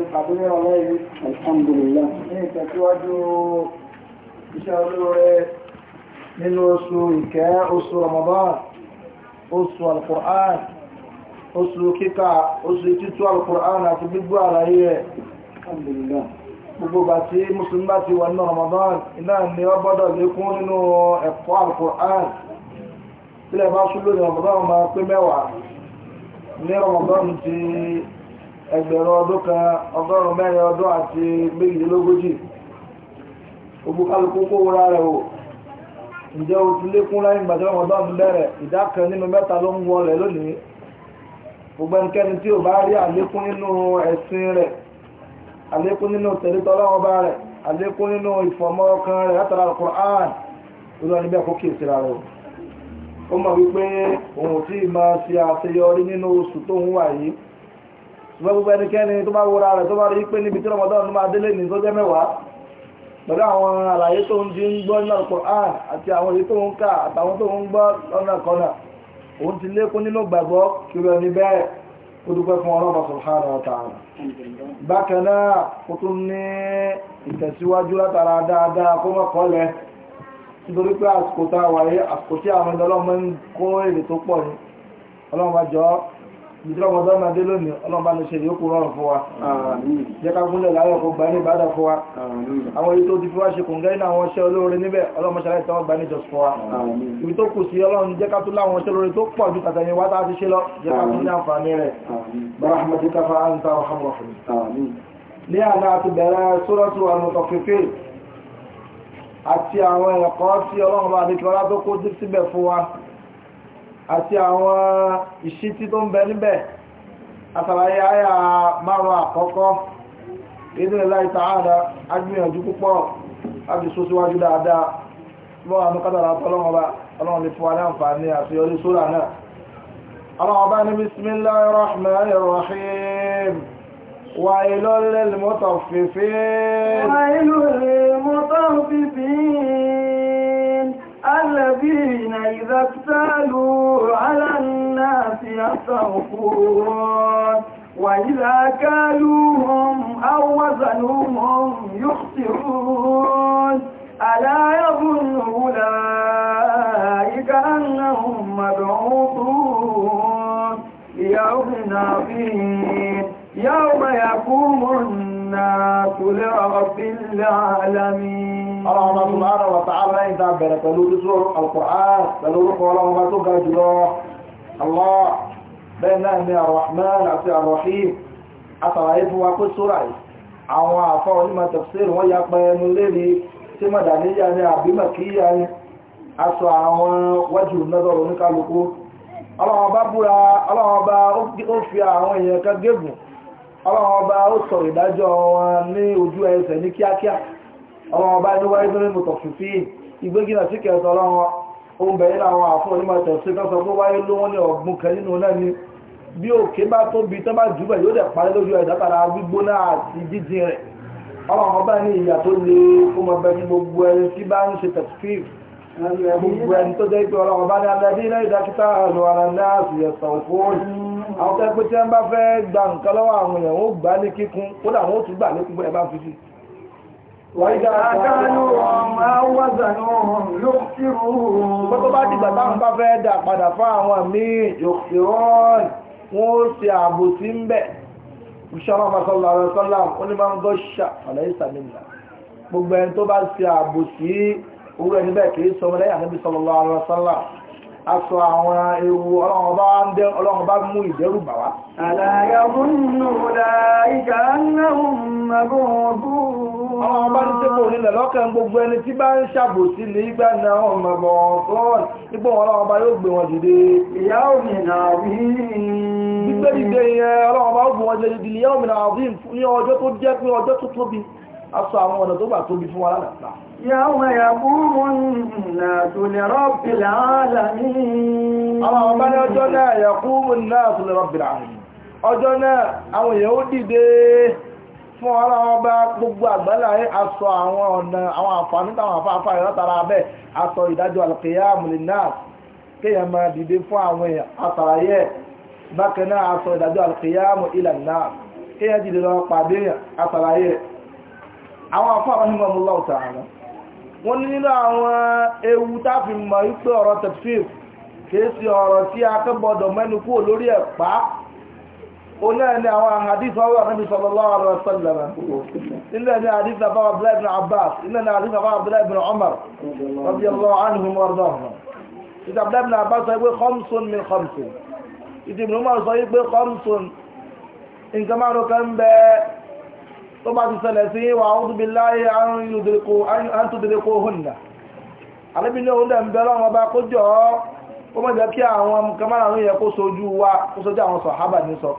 ti pàdé ní ọ̀rọ̀ ìlú alhamdulillah ní nínú oṣù oṣù oṣù gbogbo bá tí bá ti wà ní Ramadan iná ni nínú ẹ̀kọ́ ẹgbẹ̀rún ọdún kan ọgọ́rùn-ún mẹ́rin ọdún àti méjìlélógójì gbogbo kó wúra rẹ̀ o ǹjẹ́ o ti lékún láyé ìgbà tí wọ́n bá ń bẹ̀rẹ̀ ìdá kan nínú mẹ́ta ló ń wọlé lónìí gbogbo ẹnikẹ́ni tí ò bá rí àlékún nínú ẹ̀sìn rẹ̀ àlékún nínú rẹ̀ àlékún nínú rẹ̀ látara ẹni bẹ́ẹ̀ kó rẹ̀ o ó mọ̀ wípé òun ò tí máa ṣe àṣeyọrí ṣùgbọ́n gbogbo ẹnikẹ́ni tó bá wúra rẹ̀ tó bá rí pé níbi tí Ramadan ló máa délé ní tó jẹ́ mẹ́wàá pẹ̀lú àwọn àlàyé tó ń di ń gbọ́ nínú Al-Qur'an àti àwọn èyí tó ń kà àtàwọn tó ń gbọ́ lọ́nà kọ́nà òun ti lékún nínú gbàgbọ́ kiri ẹni bẹ́ẹ̀ ó dúpẹ́ fún ọlọ́pàá subhanahu wa ta'ala bákan náà ó tún ní ìtẹ̀síwájú látara dáadáa kó mọ̀ kọ́lẹ̀ nítorí pé àsìkò tá a wáyé àsìkò tí àwọn ọlọ́mọ ń kó èrè tó pọ̀ ni ọlọ́mọ jọ ìdúrọ̀mọdọ́ máa dé lónìí ọlọ́mbà ló ṣe yóò rọrùn fún wa jẹ́ ká gúnlẹ̀ láyọ̀ kó gbà ní ìbádà fún wa àwọn èyí tó ti fi wá ṣe kùngẹ́ ní àwọn iṣẹ́ olóore níbẹ̀ ọlọ́mọṣẹ́lẹ̀ tó gbà ní ìjọsìn fún wa ibi tó kù sí ọlọ́run jẹ́ ká tún láwọn iṣẹ́ olóore tó pọ̀ ju a ti ṣe lọ jẹ́ ká tún ní àǹfààní rẹ̀ rahmatika fa anta rahman rahim ní àná àti bẹ̀rẹ̀ sórọ́tù al-Mutaffifin àti àwọn ẹ̀kọ́ tí ọlọ́run bá ní kí ọlá àti àwọn ìṣítí tó ń bẹ níbẹ̀ àtàlàyé àyà márùn àkọ́kọ́ ìdílẹ̀lá ìtàhádà agbìyànjú púpọ̀ láti só síwájú dáadáa lọ́wọ́ àmúkátàlá tọ́lọ́wọ́ba ọlọ́run lè fún wa láǹfààní àṣeyọrí sóra náà ọlọ́wọ́ba ní ويل للمطففين ويل للمطففين الذين إذا اكتالوا على الناس يستغفرون وإذا كالوهم أو وزنوهم يخسرون ألا يظن أولئك أنهم مبعوثون يوم عظيم يوم يقوم الناس لرب العالمين ọlọ́run bá tún láàrọ̀ wọ̀ta aláìní ta bẹ̀rẹ̀ pẹ̀lú títúrò alkùnrin pẹ̀lú orúkọ ọlọ́run bá tó allah bẹ́ẹ̀ wa pé sóra yìí àwọn àfọ́ tafsir ya pẹ́ ẹnu lérí tí mọ̀dàníyà ni àbí mọ̀kíyà ni aṣọ àwọn wájú nọ́dọ̀rọ̀ ọlọ́run ọba ní wáyé lórí mọ̀tọ̀fífì ìgbégínà sí kẹta ọlọ́run ohun bẹ̀rẹ̀ àwọn àfọ́ onímọ̀ tẹ̀sí tó sọ pé wáyé lówó ní ọ̀gbun kan náà ni bí òkè bá tóbi tó bá jù bẹ̀ yóò dẹ̀ parí lójú ẹ̀dá tara gbígbóná àti jíjìn rẹ̀ ọlọ́run ọba ní ìyà tó le fún ọmọ bẹ́ẹ̀ ní gbogbo ẹni tí bá ń ṣe tẹ̀sí gbogbo ẹni tó jẹ́ pé ọlọ́run ọba ní alẹ́dí ilẹ̀ ìdákítà àlọ́ ara náà sì ẹ̀sàn fún àwọn tẹ́gbẹ́ tí wọ́n bá fẹ́ gba Wàídà kánú ọmọ wázànúhùn yóò Gbogbo bá dìgbà táwọn bá fẹ́ dà padà fún àwọn míì yòkìrọ́ọ̀nì wọ́n ó ṣe ààbò sí ń bẹ̀. Ìṣọ́nà Fasọ́lá rẹ̀ sọ́lá onímọ̀ ṣà ọ̀lẹ́ ìsàmìlà. Gbogbo ẹni tó bá ṣe ààbò aṣọ àwọn ewu ọlọ́run bá ń dẹ́ ọlọ́run bá mú ìdẹ́rù bà Àlàyé ọdún nù láìka náà mọ̀gbọ́n àwọn ọba ní sẹ́kọ̀ọ́ nílẹ̀ lọ́kàn gbogbo ẹni tí bá ń ṣàbòsí ní ìgbà náà ọmọ ọ̀gbọ̀n nígbà wọn ọlọ́wọ́ ọba yóò gbé wọn dìde. ìyá òmìnira rí i. gbígbé dìde yẹn ọlọ́wọ́ ọba ó gbé wọn dìde ìyá òmìnira rí i ní ọjọ́ tó jẹ́ pé ọjọ́ tó tóbi aṣọ àwọn ọ̀nà tó gbà tóbi fún wa lánàá. Yàwó ẹ̀yàgbúrú náà tó lè rọ́bì láàlámí. Àwọn ọmọ ní tó lè rọ́bì fún ọ̀rọ̀ ọba gbogbo àgbálá yìí aṣọ àwọn ọ̀nà àwọn àǹfààní táwọn afáfá yìí látara abẹ́ aṣọ ìdájọ́ àlùkìyà mùlínà kéèyàn máa dìde fún àwọn èèyàn àtàlàyé bákan náà aṣọ ìdájọ́ àlùkìyà mùlínà kéèyàn dìde lọ pàdé àtàlàyé àwọn afáfá ní mọ̀mú lọ́ọ̀tà àná wọ́n ní nínú àwọn ewu táfi mọ̀ wípé ọ̀rọ̀ onáàni àwọn àhàdífà wà níbi sallallahu alaihi wasallam nílẹ̀ ní àdífà bá Abdullah ibn Abbas nílẹ̀ ní àdífà bá Abdullah ibn Umar radiyallahu anhum wardahum ìdí Abdullah ibn Abbas sọ pé khamsun min khamsin ìdí Ibn Umar sọ pé khamsun nǹkan márùn kan bẹ tó bá ti ṣẹlẹ̀ sí wa a'udhu billahi an yudriku an tudrikuhunna àlébi ní oúnjẹ ń bẹ lọ́wọ́ bá kó jọ ó mọ̀ jẹ́ kí àwọn kamára ń yẹ kó sojú wa kó sojú àwọn sàhábà ní sọ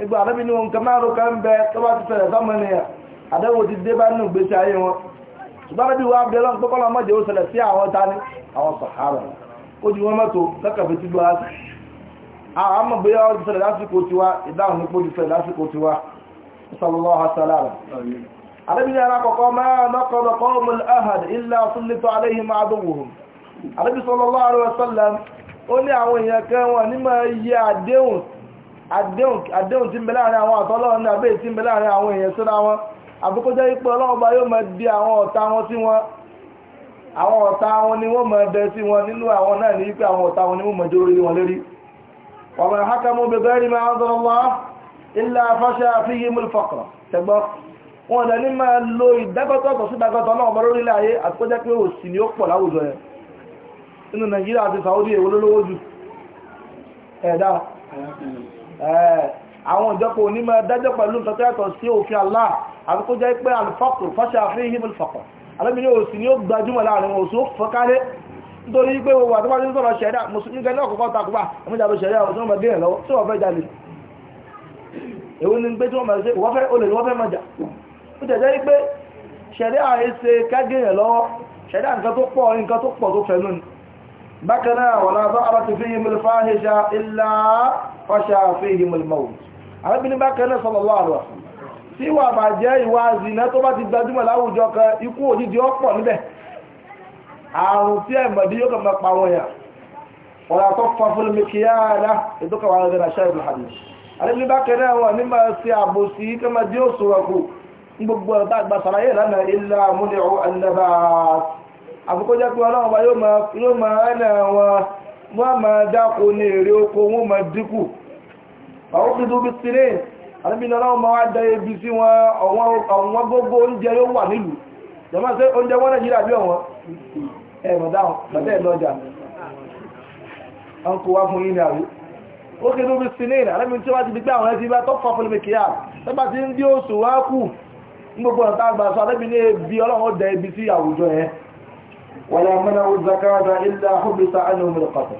nígbà àdẹ́bí ní nǹkan márùn kan bẹ tó bá ti fẹ̀rẹ̀ sọ́mọnìyàn àdẹ́wò ti dé bá nínú ìgbésí ayé wọn ṣùgbọ́n àdẹ́bí wa bẹ lọ́nà pọ́pọ́lọ́ ọmọdé ó ṣẹlẹ̀ sí àwọn tani àwọn sàhárà ó ju wọn mọ́tò lọ́kàfẹ́ ti ti lásìkò tiwa ìdáhùn ti lásìkò tiwa wa àdéhùn tí ń bẹ láàrin àwọn àtọ́lọ́run ní àbẹ́ tí ń bẹ láàrin àwọn èèyàn síra wọn àfikójẹ́ ipò ọlọ́run bá yóò máa di àwọn ọ̀tá wọn sí wọn àwọn ọ̀tá wọn ni wọ́n máa bẹ sí wọn nínú àwọn náà ní wípé àwọn ọ̀tá wọn ni wọ́n máa jó orí wọn lérí wọ́n máa hákàmú bẹ̀rẹ̀ ní máa ń sọ̀rọ̀ lọ ilẹ̀ afáṣẹ́ àfihì múlùfọ̀kọ̀ tẹ̀gbọ́ wọn lè ní máa lo ìdágọ́tọ̀tọ̀ sí ìdágọ́tọ̀ náà ọmọ lórílẹ̀ ayé àtikójẹ́ pé òsì ni ó pọ̀ ẹ̀dá Eh, àwọn ìjọpọ̀ onímọ̀ dájọ́ pẹ̀lú nǹkan tó yàtọ̀ sí òfin Allah àti kó jẹ́ pé alifakù fọ́ṣà fún ihim ìfọ̀kọ̀ alábìnrin òsì ni ó gbajúmọ̀ láàrin òsì ó fọ́kálẹ̀ nítorí pé owó àtọ́wájú ń sọ̀rọ̀ ṣẹ̀dá mùsùlùmí gan náà kọ́kọ́ takùbà àmújà ló ṣẹ̀dá òsì wọn bẹ̀rẹ̀ lọ́wọ́ tí wọ́n fẹ́ jalè èwo ni pé tí wọ́n máa ṣe ìwọ́n fẹ́ olè ni wọ́n bákanáà wala za'rat fihim al-fahisha illa fasha fihim al-maut arábìnrin bákanáà sallallahu alaihi wasallam tí wà bà jẹ́ ìwà zìnà tó bá ti gbajúmọ̀ láwùjọ kan ikú òjijì ọ̀pọ̀ níbẹ̀ àrùn tí ẹ̀mọ̀dí yóò kàn pa wọn yà wọ́n àtọ́ fọ́fún mi kí á rá ìdókàwà rẹ̀ náà ṣáà ìlú hàdì àdébí bákanáà wọn ní máa ṣe àbòsí kí máa dí òṣùwọ̀n kù gbogbo ọ̀tá àgbà sàlàyé lánàá ilá múlẹ̀ ọ̀nàbàá akụkọ pé ọlọ́run bá yóò máa ẹ̀nà wọn wọ́n máa dákò ní èrè oko wọ́n máa dínkù àwọn òkè tó bí sílẹ̀ àdébìnrin ọlọ́run máa wá da sí wọn ọ̀wọ́n gbogbo oúnjẹ yóò wà nílùú jọmọ́ sí oúnjẹ wọn nàìjíríà bí ọ̀wọ́n ẹ̀ mọ̀dáhùn gbogbo ọ̀tá ebi ọlọ́run ولا منعوا الزكاة إلا حبس عنهم القتل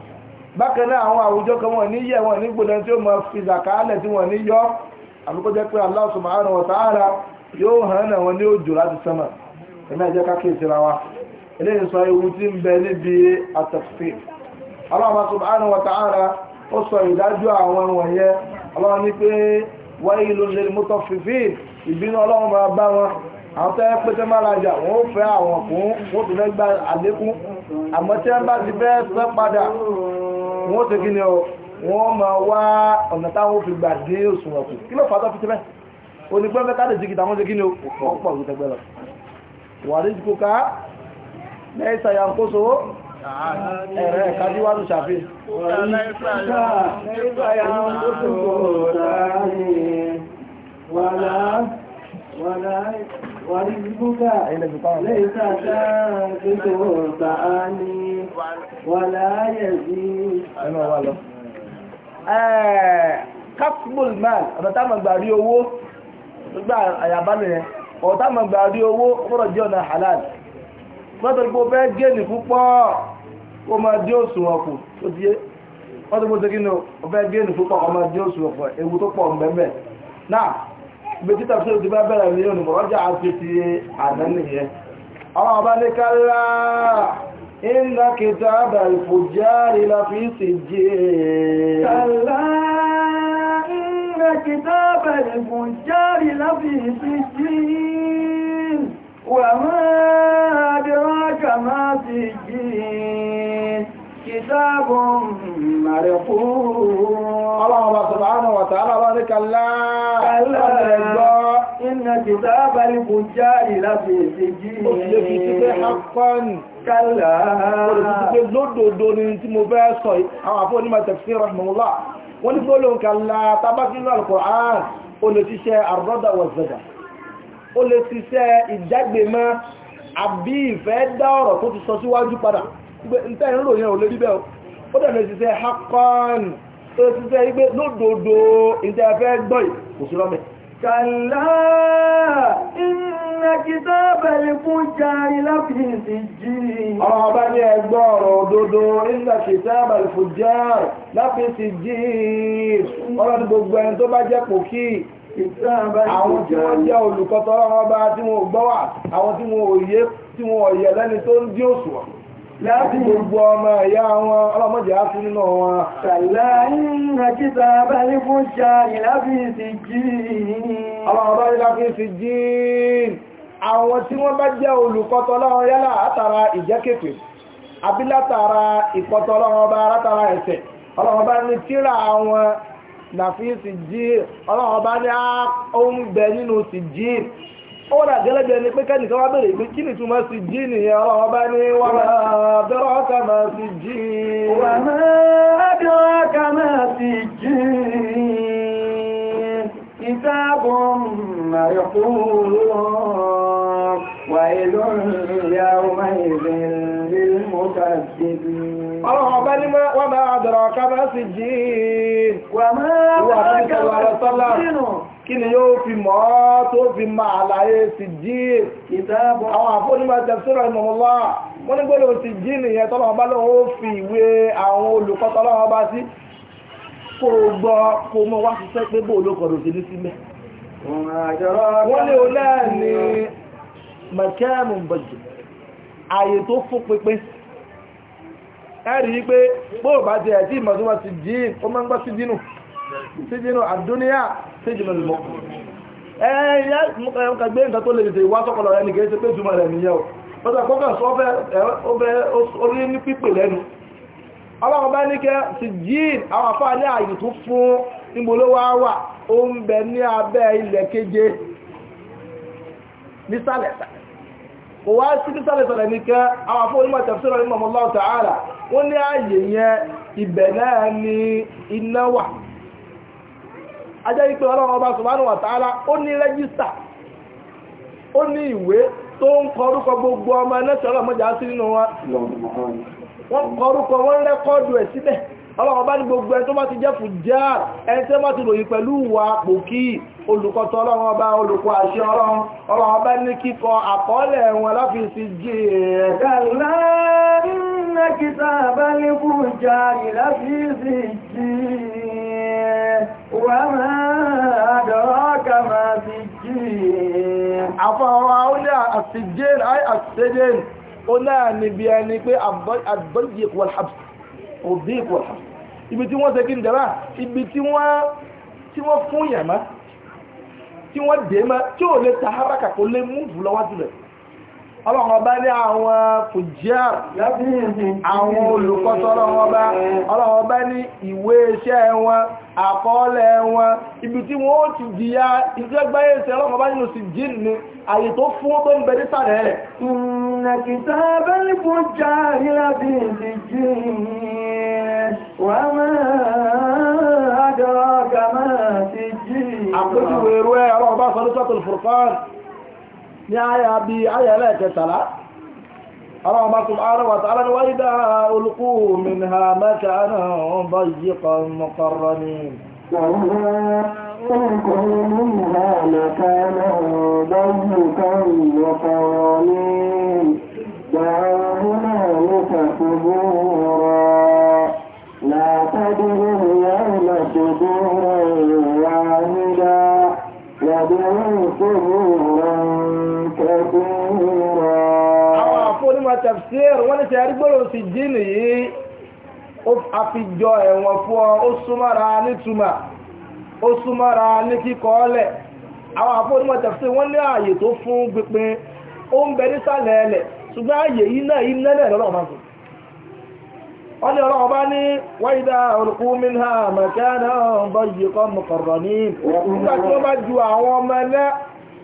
bákan náà àwọn àwùjọ kan wọn ní yẹ wọn ní gbọdọ tí ó máa yọ àbíkó jẹ pé Allah subhanahu wa ta'ala yóò hàn náà wọn ní òjò láti sánmà ẹmí ẹjẹ káàkiri síra wa eléyìí sọ ewu tí ń bẹ níbi àtẹkùfẹ àwọn tẹ́ pé tẹ́ máa rajà wọ́n fẹ́ àwọn kún wọ́n tún fẹ́ gba àlékún àmọ́ tẹ́ bá ti fẹ́ sẹ́ padà wọ́n ti kí ni ọ wọ́n máa wá ọ̀nà táwọn fi gbà dé òṣùwọ̀n kù kí ló fà á tó fi tẹ́ bẹ́ẹ̀ onígbẹ́fẹ́ ká lè jí kìtà wọ́n ti kí ni ó pọ̀ ju tẹgbẹ́ lọ wàrí kò ká lẹ́ẹ̀sà yà ń kó so ẹ̀rẹ́ ẹ̀kájíwájú ṣàfí lẹ́ẹ̀sà yà ń kó so láàrin wàlá ورزقك ليس تنقصه تعاني ولا يزيد capsule man ọ̀nà táwọn gbà rí owó gbà àyàbálẹ̀ yẹn ọ̀nà táwọn gbà rí owó ọ̀rọ̀ jẹ́ ọ̀nà halal mọ́tọ̀lùpọ̀ fẹ́ gẹ́ẹ̀nì púpọ̀ ó máa dí òṣùwọ̀n kù tó ti yé mọ́tọ̀lùpọ̀ tó kí ni ó fẹ́ gẹ́ẹ̀nì púpọ̀ ó máa dí òṣùwọ̀n kù ewu tó pọ̀ mẹ́mẹ́ náà bí títà fún ìdí bá bẹ̀rẹ̀ ní òní mọ̀rọ́jà àti ti àdánìyẹ ọmọ ọba ní kálá iná kìtà àbàrí fòjáàrí láfi sì jẹ́ kálá iná kìtà àbàrí fòjáàrí láfi sì jẹ́ wà kìtàbùn màrẹ̀kú. Ọlọ́run bá sọ̀rọ̀ àánú wàtà aláwọ̀ ní kàlá. Kàlá ẹ̀gbọ́. Iná kìtàbà ní kò já ìlàfẹ́ ìsèjì. Ó ti lè fi ti pé hapán. Kàlá. Ó ti ti pé lódòdó ni tí mo fẹ́ sọ àwọn àbí ìfẹ́ dá ọ̀rọ̀ tó ti sọ síwájú padà ntẹ́ ìrìnlò yẹn ò lè rí bẹ́ẹ̀ ó dẹ̀ lè ṣiṣẹ́ hakan tó lè ṣiṣẹ́ wípé lódodo ìtẹ́ ẹ̀fẹ́ gbọ́ yìí kò sí lọ́mẹ̀. kàlá iná kìtà bẹ̀rẹ̀ fún jari láti ti jí. ọmọ ọba ní ẹgbọ́ ọ̀rọ̀ òdodo àwọn tí wọ́n jẹ́ olùkọ́tọ́ ọlọ́run ọba tí wọn ò àwọn tí wọn ò tí wọn ò lẹ́ni tó ń dín òṣùwọ̀n. láti gbogbo ọmọ ẹ̀yà wọn ọlọ́mọdé á sí nínú wọn ṣàlàyìn àkíta abẹ́lé fún tí wọ́n bá jẹ́ yálà ní á nínú ó rà gẹ́lẹ́gẹ́ ni pé kẹ́nìkan wá bèèrè pé kí ni túmọ̀ sí jí nìyẹn ọlọ́wọ́ bá ní wà máa bẹ̀rọ ọkà máa sí jí wà máa bẹ̀rọ ọkà máa sí jí ìtàbùn màyọ̀kúrún wà wọ́n Wà máa bẹ̀rọ̀ máa sì kí ni yóò fi mọ́ tó fi máa àlàyé sí jí ìtẹ́bọ̀ àwọn àfọ́nímọ̀ tẹ̀síra ìmọ̀mọ́lá wọ́n ní gbọ́dọ̀ sí jí nìyẹn tọ́lọ́ ọba lọ́wọ́ ó fi ìwé àwọn olùkọ́ tọ́lọ́ ọba sí kó gbọ́ kó mọ́ wá ṣiṣẹ́ pé bó olókọ̀dọ̀ sí ní sílẹ̀ wọ́n ní olá ní mẹ̀kẹ́mù bọ̀jù síjínú àdúníyà síjínú ìmọ̀ ẹ̀yẹ kàgbé nǹkan tó lè dìde wá sọ́kọlọ rẹ̀ nìkan pé jùmọ̀ rẹ̀ nìyẹn o pẹ̀sẹ̀ kọ́kàn sọ fẹ́ orí ní pípè lẹ́nu ọlọ́run ní kẹ́ sí jíìn àwọn afá ní ààyè tó fún ìmọ̀lówó ó ń bẹ ní abẹ́ ilẹ̀ keje nísàlẹ̀ kò wá sí ní ajẹ́ wípé ọlọ́run ọba subhanahu wa ta'ala ó ní rẹ́gísítà ó ní ìwé tó ń kọrúkọ gbogbo ọmọ ẹlẹ́sẹ̀ ọlọ́mọdé á sí nínú wa wọ́n kọrúkọ wọ́n rẹ́kọ́ọ̀dù ẹ̀ síbẹ̀ ọlọ́run bá ní gbogbo ẹni tó bá ti jẹ́ fùjá ẹni tó bá ti ròyìn pẹ̀lú ìwà pòkí olùkọ́tọ̀ ọlọ́run ọba olùkọ́ àṣẹ ọlọ́run ọlọ́run ọba ní kíkọ àkọọ́lẹ̀ wọn láfi sí jẹ́ ẹ̀kàlá iná kìtà abálé fùjá ìláfi sí jẹ́ wà máa àdọ́ọ́kà máa sí jẹ́ àfọwọ́ àwọlé àṣìjẹ́ àṣìjẹ́ ó náà níbi ẹni pé àbọ́jì wal habs òbí wal habs ibi tí wọ́n ṣe kí n jẹ́ náà ibi tí wọ́n tí wọ́n fún yàn tí wọ́n dé tí ò lè ta kò lè mú ìfúlọ́wájú rẹ̀ ọlọ́run ọba ní àwọn fùjíàr àwọn olùkọ́sọ́ ọlọ́run ọba ọlọ́run ọba ní ìwé iṣẹ́ wọn àkọọ́lẹ̀ wọn ibi tí wọ́n ti jìyà iṣẹ́ gbáyé iṣẹ́ ọlọ́run ọba nínú sí jíìn ni àyè tó fún ó tó ń bẹ nísàlẹ̀ rẹ̀. ìnàkìtà abẹ́lẹ̀ fún jà ìlàbí ìdí jíìn wà ní àyà bí àyà ẹlẹ́ẹ̀kẹtàlá àwọn ọmọ tó ara wà tààrà ní wáyé dá olùkú min ha mẹ́ta náà ń bá yí kan mọ́kànrọ́ ni دعونا لا تدري يوم صدورا واحدا يدعو صدورا غفورا àwọn àfọ́nímọ̀ tafsir wọ́n ní ṣe àrígbòrò sí jíìnì yìí ó àfijọ ẹ̀wọ̀n fún ọ ó súnmọ́ra ní kíkọ́ọ́lẹ̀ fún ó ń bẹ nísàlẹ̀ ẹlẹ̀ aye ní wáyídá minha mẹ̀kẹ́ náà bọ́ yìí kọ́ mọ̀kọ̀rọ̀ ní ju àwọn ọmọ ẹlẹ́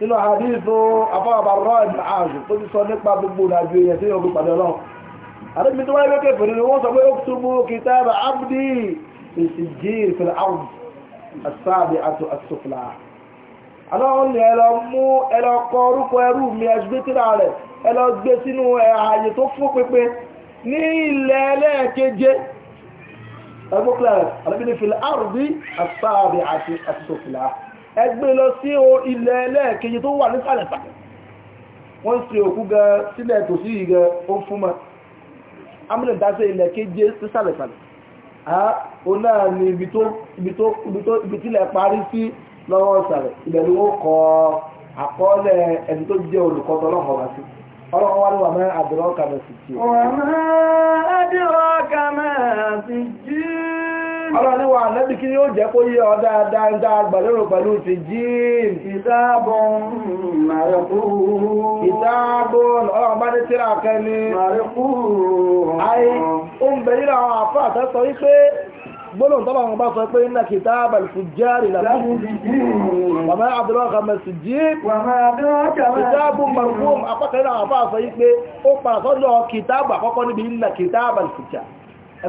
nínú àdíìsù afọ́bàrọ̀ ìdínáàzù tó ti sọ nípa gbogbo ìdájú èyàn tí yóò gbé pàdé ọlọ́run àdébí tó wáyé lókè fèrè wọ́n sọ pé ó túbú kìtàbà abdi ìsìjì ìfẹ̀lẹ̀ mú ẹlọ kọ orúkọ ẹrú mi ẹgbẹ́ tíra rẹ̀ ẹlọ gbé sínú ààyè tó fún ẹgbẹ́ lọ sí ilẹ̀ ẹlẹ́ẹ̀kejì tó wà nísàlẹ̀ sàlẹ̀ wọ́n ṣe òkú gan sílẹ̀ tó sí ìgẹ́ ó fún ma amúlẹ̀ dáṣẹ́ ilẹ̀ kéje náà ni ibi tílẹ̀ parí sí lọ́wọ́ sàlẹ̀ ilẹ̀ ni ó kọ àkọọ́lẹ̀ ẹni tó jẹ́ olùkọ́ tọ́lọ́kọ̀ wá sí ọlọ́run wá ní wà mẹ́rin àdìrọ́kà mẹ́sì jù ọlọ́niwà nẹ́bí kí yóò jẹ́ kó yé ọ dáadáa ń dá agbàlérò pẹ̀lú ti jíìn ìdáàbọ̀n ìdáàbọ̀n ọlọ́ọ̀bá ní tíra kẹni ayé ó ń bẹ̀yìn àwọn àfá àtẹ́sọ wípé gbọ́nà tọ́lọ̀ wọn bá sọ pé iná kìtà àbàlùfù jẹ́rì làbúwàmẹ́ àbúrọ̀kà mẹ́sì jí kìtàbù mọ̀rún apákẹ́lẹ̀ àwọn afá sọ wípé ó pàtàkọ́ lọ kìtàbù àkọ́kọ́ níbi iná kìtà àbàlùfù jà ẹ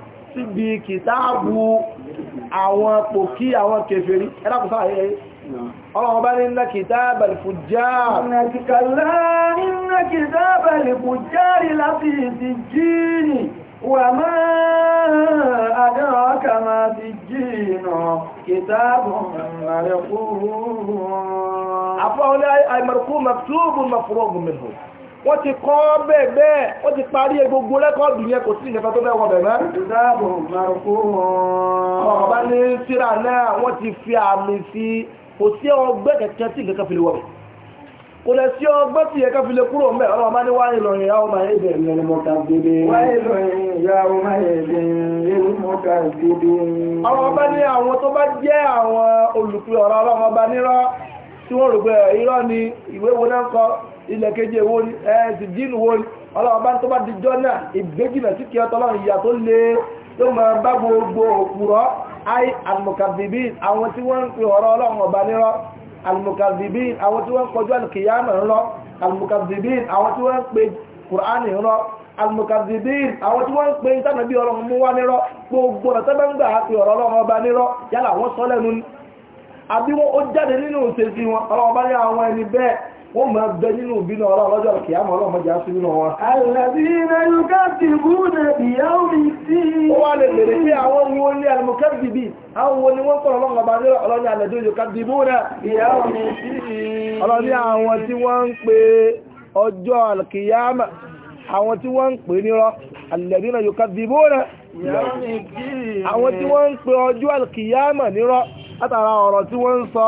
síbi kìtàbù àwọn pòkí àwọn kèfèrí ẹlákùsá ayẹyẹ ọlọ́wọ́ bá ní ńlá kìtàbà lìfùjá ìrìnàkìkàlá ńlá kìtàbà lìfùjá láti ìsì jíìnì wà máa àdáwọ́kà máa ti jíìnà kìtàbù mẹ́rẹ̀kú wọ́n ti kọ́ bẹ́ẹ̀ bẹ́ẹ̀ wọ́n ti parí gbogbo lẹ́kọ́ọ̀dù yẹn kò sí ìjẹta tó bẹ́ẹ̀ wọ́n bẹ̀rẹ̀ ọ̀bá ní síra náà wọ́n ti fi àmì sí kò sí ọgbẹ́ kẹ̀kẹ́ tí ìkẹ́kẹ́ fi lè wọ̀ kò lẹ̀ sí ọgbẹ́ tí ìkẹ́kẹ́ fi lè kúrò mẹ́ ọlọ́ọ̀bá ní wáyé lọ́rin ìyá ọmọ ẹ̀dẹ̀ ìrìn mọ́ta gbébé wáyé lọ́rin ìyá ọmọ ẹ̀dẹ̀ ìrìn mọ́ta gbébé ọlọ́ọ̀bá ilẹ̀ keje èwo ni ẹ̀ẹ́sì jíìnù wo ni ọlọ́wọ́ bá ń tó bá di jọ́ náà sí kí ọtọ́lọ́run ìyà tó le tó bá gbogbo òpùrọ́ ai almukazibin àwọn tí wọ́n ń pe ọ̀rọ̀ ọlọ́run ọba nírọ́ almukazibin àwọn tí wọ́n ń kọjú alkiyama ńlọ almukazibin àwọn tí wọ́n ń pe kùránì ńlọ àwọn tí wọ́n ń pe gbogbo ọ̀nà wọ́n máa bẹ nínú ìbínú ọlọ́run lọ́jọ́ kìámọ̀ ọlọ́run mọ́jà sí nínú wọn. àlàbíyìnà yóká ti búrẹ̀ ìyáwó mi sí. ó wá lè bèrè pé àwọn wo ni àlùmọ̀kẹ́bì bíi àwọn wo ni wọ́n kọ̀ ọlọ́run ọba nílò ọlọ́run yóká ti búrẹ̀ ìyáwó mi sí. ọlọ́run àwọn tí wọ́n ń pe ọjọ́ kìámọ̀ àwọn tí wọ́n ń pè nírọ́ pe ọjọ́ kìámọ̀ nírọ́ látara ọ̀rọ̀ tí wọ́n ń sọ.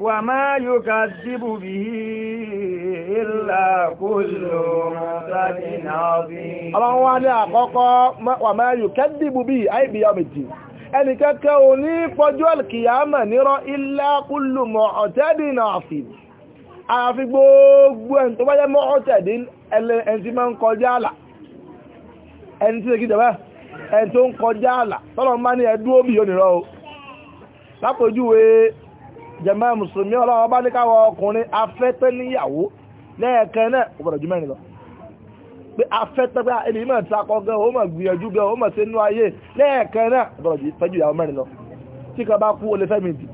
wà máa yóò ká dìbò bí ìlà kó lò sáàdì náà bí. ọlọ́run wá ní àkọ́kọ́ wà máa yóò ká dìbò bí àìbí ọmọdé ẹni kẹ́kẹ́ o ní pọ́jú alkiyama nírọ́ ìlà kó lò mọ̀ ọ̀tẹ́dì náà fi àyàfi gbogbo ẹni tó bá mọ́ ọ̀tẹ́dì ẹni tí máa ń kọjá àlà ẹni tí jàmáà mùsùlùmí ọlọ́wọ́ bá ní káwọ ọkùnrin afẹ́tẹ́ níyàwó lẹ́ẹ̀kan náà ó gbọ́dọ̀ ju mẹ́rin lọ pé afẹ́tẹ́ pé ah, ẹni mọ̀ tí akọ gan ó mọ̀ gbìyànjú gan ó mọ̀ sí inú ayé lẹ́ẹ̀kan náà ó gbọ́dọ̀ ju fẹ́jú ìyàwó mẹ́rin lọ tí kan bá kú ó lè fẹ́ mi dì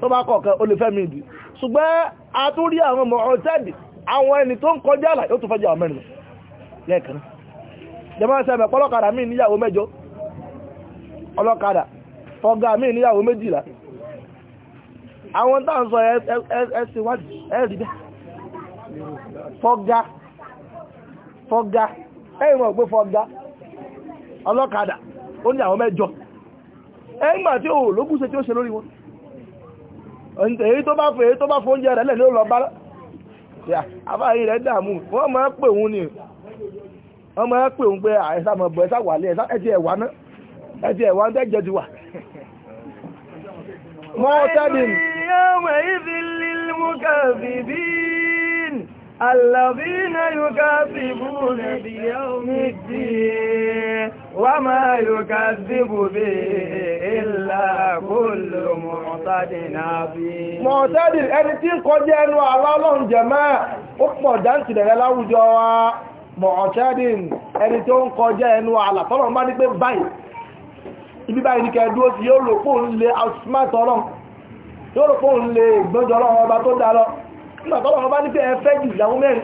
tó bá kọ̀ kan ó lè fẹ́ mi dì ṣùgbọ́n a tún rí àwọn ọmọ ọ̀tẹ́ẹ̀dì àwọn ẹni tó ń kọjá àlà yóò tún fẹ́jú ìyàwó mẹ́rin lọ lẹ́ẹ̀kan náà jẹmọ́ sẹ́mẹ̀ pọ́lọ́kadà mí níyàwó mẹ́jọ ọlọ́kadà fọ́gá mí níyàwó méjìlá àwọn táwọn sọ ẹ̀sìn wá ẹ̀rí bí fọ́gá fọ́gá ẹ̀yìn mọ̀ pé fọ́gá ọlọ́kadà ó ní àwọn mẹ́jọ ẹ̀yìn gbà tí ó lókúnṣe tí ó ṣe lórí wọn èyí tó bá fún èyí tó bá fún oúnjẹ rẹ̀ lẹ́lẹ́ lọ bá àbáyé rẹ̀ dààmú wọ́n máa pè òun ni wọ́n máa pè òun pé àìsà mọ̀ bọ̀ ẹ̀sà يومئذ للمكذبين الذين يكذبون بيوم الدين وما يكذب به إلا كل معتد عظيم معتد ẹni tí kọjá ẹnu àlọ́lọ́run jẹ̀mọ́ ó pọ̀ dáńtì rẹ̀ láwùjọ wa mọ̀ọ̀tẹ́dì ẹni tó ń kọjá ẹnu àlàtọ́lọ́run bá ní pé báyìí ibi báyìí ní kẹ́ẹ̀dúró sí yóò lò pò ń lè asmátọ́lọ́run yóò rò pé òun lè gbọ́jọ ọlọ́run ọba tó dá lọ nígbà ọba ní fẹ́ jù ìyàwó mẹ́rin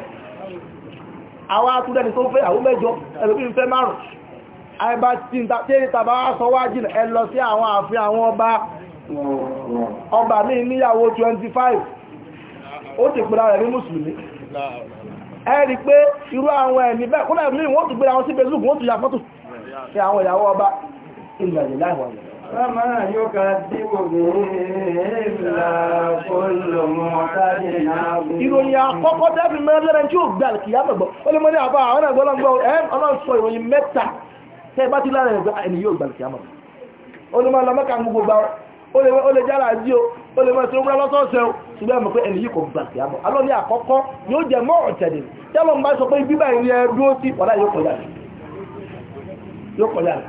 àwọn atúndẹ́ni tó fẹ́ ìyàwó mẹ́jọ ẹlòmíì fẹ́ márùn àìbá tí tàbá sọ wá jìnà sí àwọn ààfin ọba ọba mi níyàwó 25 ó ti pèrà فما يكذبه إلا كل معتد عظيم ìròyìn àkọ́kọ́ dábì mẹ́rin lẹ́rẹ̀ tí ó gbà kì yá mẹ́gbọ́ ó lè mọ́ ní àbá àwọn ẹ̀gbọ́n lọ́gbọ́ ẹ̀m ọlọ́run sọ ìròyìn mẹ́ta tẹ́ bá ti lára ẹ̀gbà ẹni yóò gbà kì yá mẹ́gbọ́ ó lè mọ́ lọ mẹ́ka gbogbo gbà ó lè jára jí o ó lè mọ́ tí ó gbà lọ́sọ̀ọ̀sẹ̀ o ṣùgbọ́n mọ̀ pé ẹni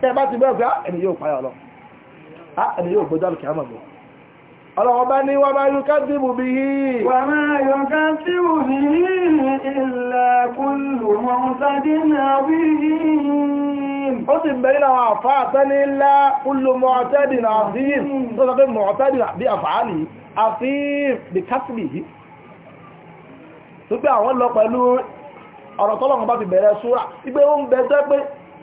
tẹ́ bá ti bẹ́ẹ̀ fẹ́ ah, ẹni yóò payà ọlọ́ ah, ẹni yóò gbọ́dọ̀ lùkẹ́ àmọ̀ bọ̀ ọlọ́wọ́ bá ní wọ́n máa yóò ká dìbò bí i wọ́n máa yóò ká dìbò bí i ilẹ̀ kúlù wọn sádínà bí náà bí àfáàlì yìí tó pé àwọn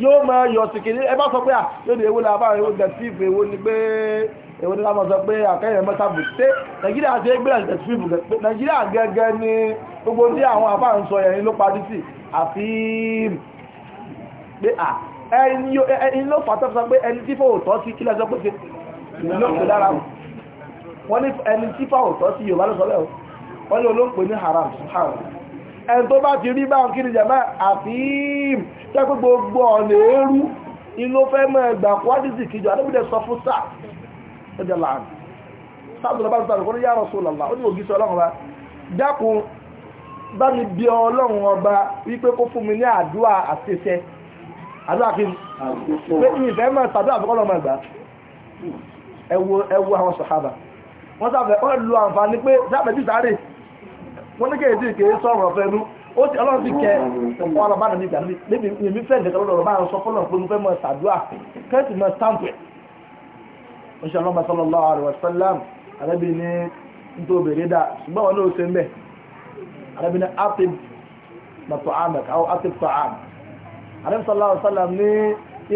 yóò máa yọ sìkìrì ẹ bá sọ pé à lóde ewu la bá ewu dẹ̀tífù ewu ni pé ewu ni láwọn sọ pé àkẹ́yẹ̀ mẹ́ta bù té nàìjíríà ṣe gbé dẹ̀tífù nàìjíríà gẹ́gẹ́ ni gbogbo tí àwọn àbá ń sọ yẹn ló parí sí àfi pé à ẹni ló fà tọ́fà pé ẹni tí fòwò tọ́ sí kílẹ̀ sọ pé ṣe lóòpẹ̀ lára wọ́n ní ẹni tí fòwò tọ́ sí yorùbá ló sọ bẹ́ẹ̀ wọ́n ní olóòpẹ̀ ní haram subhanahu ẹni tó bá ti rí báwọn kí ni jàmá àfíìm tẹ́kù gbogbo ọ̀nà eérú inú fẹ́ mọ́ ẹgbà kwádìsì kìjọ adébìdẹ sọ fún sáà ẹjẹ láàrín sáàbùlọ bá ń sàrùkọ́ ní yàrá sólà láà ó ní ògísọ ọlọ́run ọba dákun bá mi bí ọlọ́run ọba wípé kó fún mi ní àdúrà àṣeṣẹ àdúrà kí pé ìfẹ́ mọ́ tàbí àfikọ́ lọ́mọ ẹgbà ẹwu àwọn sàhábà wọ́n sáfẹ́ wọ́n lu àǹfààní pé sáfẹ́ bí sáré wọ́n ní kéèké kéèké sọ̀rọ̀ fẹ́nu ó ti ọlọ́run ti kẹ ọ̀rọ̀ bá nàbí ìgbà níbi èmi fẹ́ ìdẹ́kẹ́ lọ́dọ̀ bá sọ fọ́nà pé mo fẹ́ mọ sàdúà kẹ́sì mọ sáǹpẹ̀ oṣù ọlọ́mọ sallallahu alaihi wasallam arábì ní nítorí òbèrè dà ṣùgbọ́n wọn lóò ṣe ń bẹ̀ arábì ní atib mọ̀tò àmì káwọ́ atib tọ́ àmì arábì sallallahu alaihi wasallam ní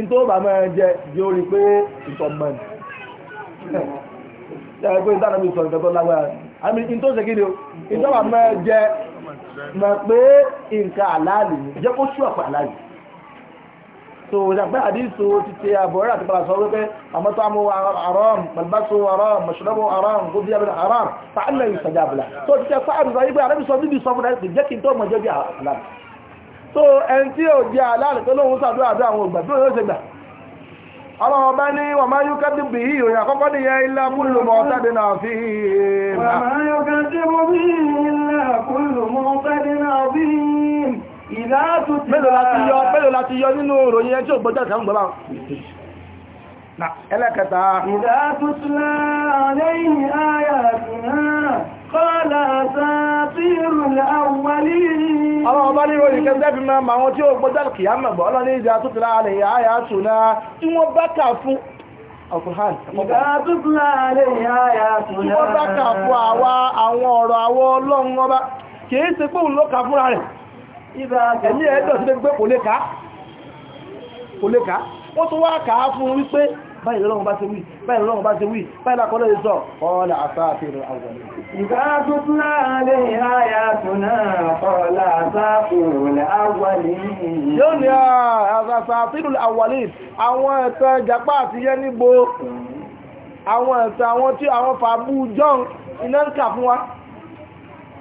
nítorí bàmọ́ ẹ jẹ yóò rí pé ìtọ́mọ́ ìjọba mọ́ jẹ mọ̀ pé nǹkan àlàálì ni jẹ́ kó ṣùwà pé so ìjàpẹ́ àdíso títí àbọ̀rẹ́ àti padà sọ wípé àmọ́tàmù àrọ́m pẹ̀lbáṣo àrọ́m mọ̀ṣọ́lọ́bọ̀ àrọ́m kó bí i àbẹ̀rẹ̀ àrọ́m fàánà àbúlà so títí ẹ̀fà àdúgbò ayé pé àrẹ́bí sọ níbi sọmọdá jẹ́ kí n tó mọ̀ jẹ́ bí so ẹni tí ò jẹ́ àlá pé lóhun sàdúrà àdúrà àwọn ògbà bí ó ṣe gbà ọlọ́run ọba ní wàmáyú kẹ́dùbì yìí ìròyìn àkọ́kọ́ nìyẹn ilé akúlùmọ̀ ọ̀tẹ́dínà fi hàn mélòó láti yọ nínú ìròyìn ẹjọ́ ògbọ́jọ́ ìtàwọn gbọ́bá ẹlẹ́kẹta ìdá tútùlá ọmọ ọba ní ìròyìn kẹsẹ́ fi máa ma wọn tí ó gbọ́jọ́ kìyàmẹ̀gbọ́ ọlọ́ ní tí wọ́n bá kà fún Ìgbà kìí pé òun ló kà ẹ̀mí ẹ̀dọ̀ sí pé kò lè ká kò lè ká ó tún wá kàá fún wípé báyìí lọ́wọ́ bá ti wí báyìí lọ́wọ́ bá ti wí báyìí lákọ́lọ́ lè sọ ọ́lá àsáàfihàn àwọn ìgbàgbùsùn lè ráyà túnà ọ̀lá àsáàfihàn àwọ̀lẹ̀ yóò ní àsáàfihàn ah, àwọ̀lẹ̀ àwọn ẹ̀tọ́ ìjàpá àti yẹ́ níbo mm. àwọn ẹ̀tọ́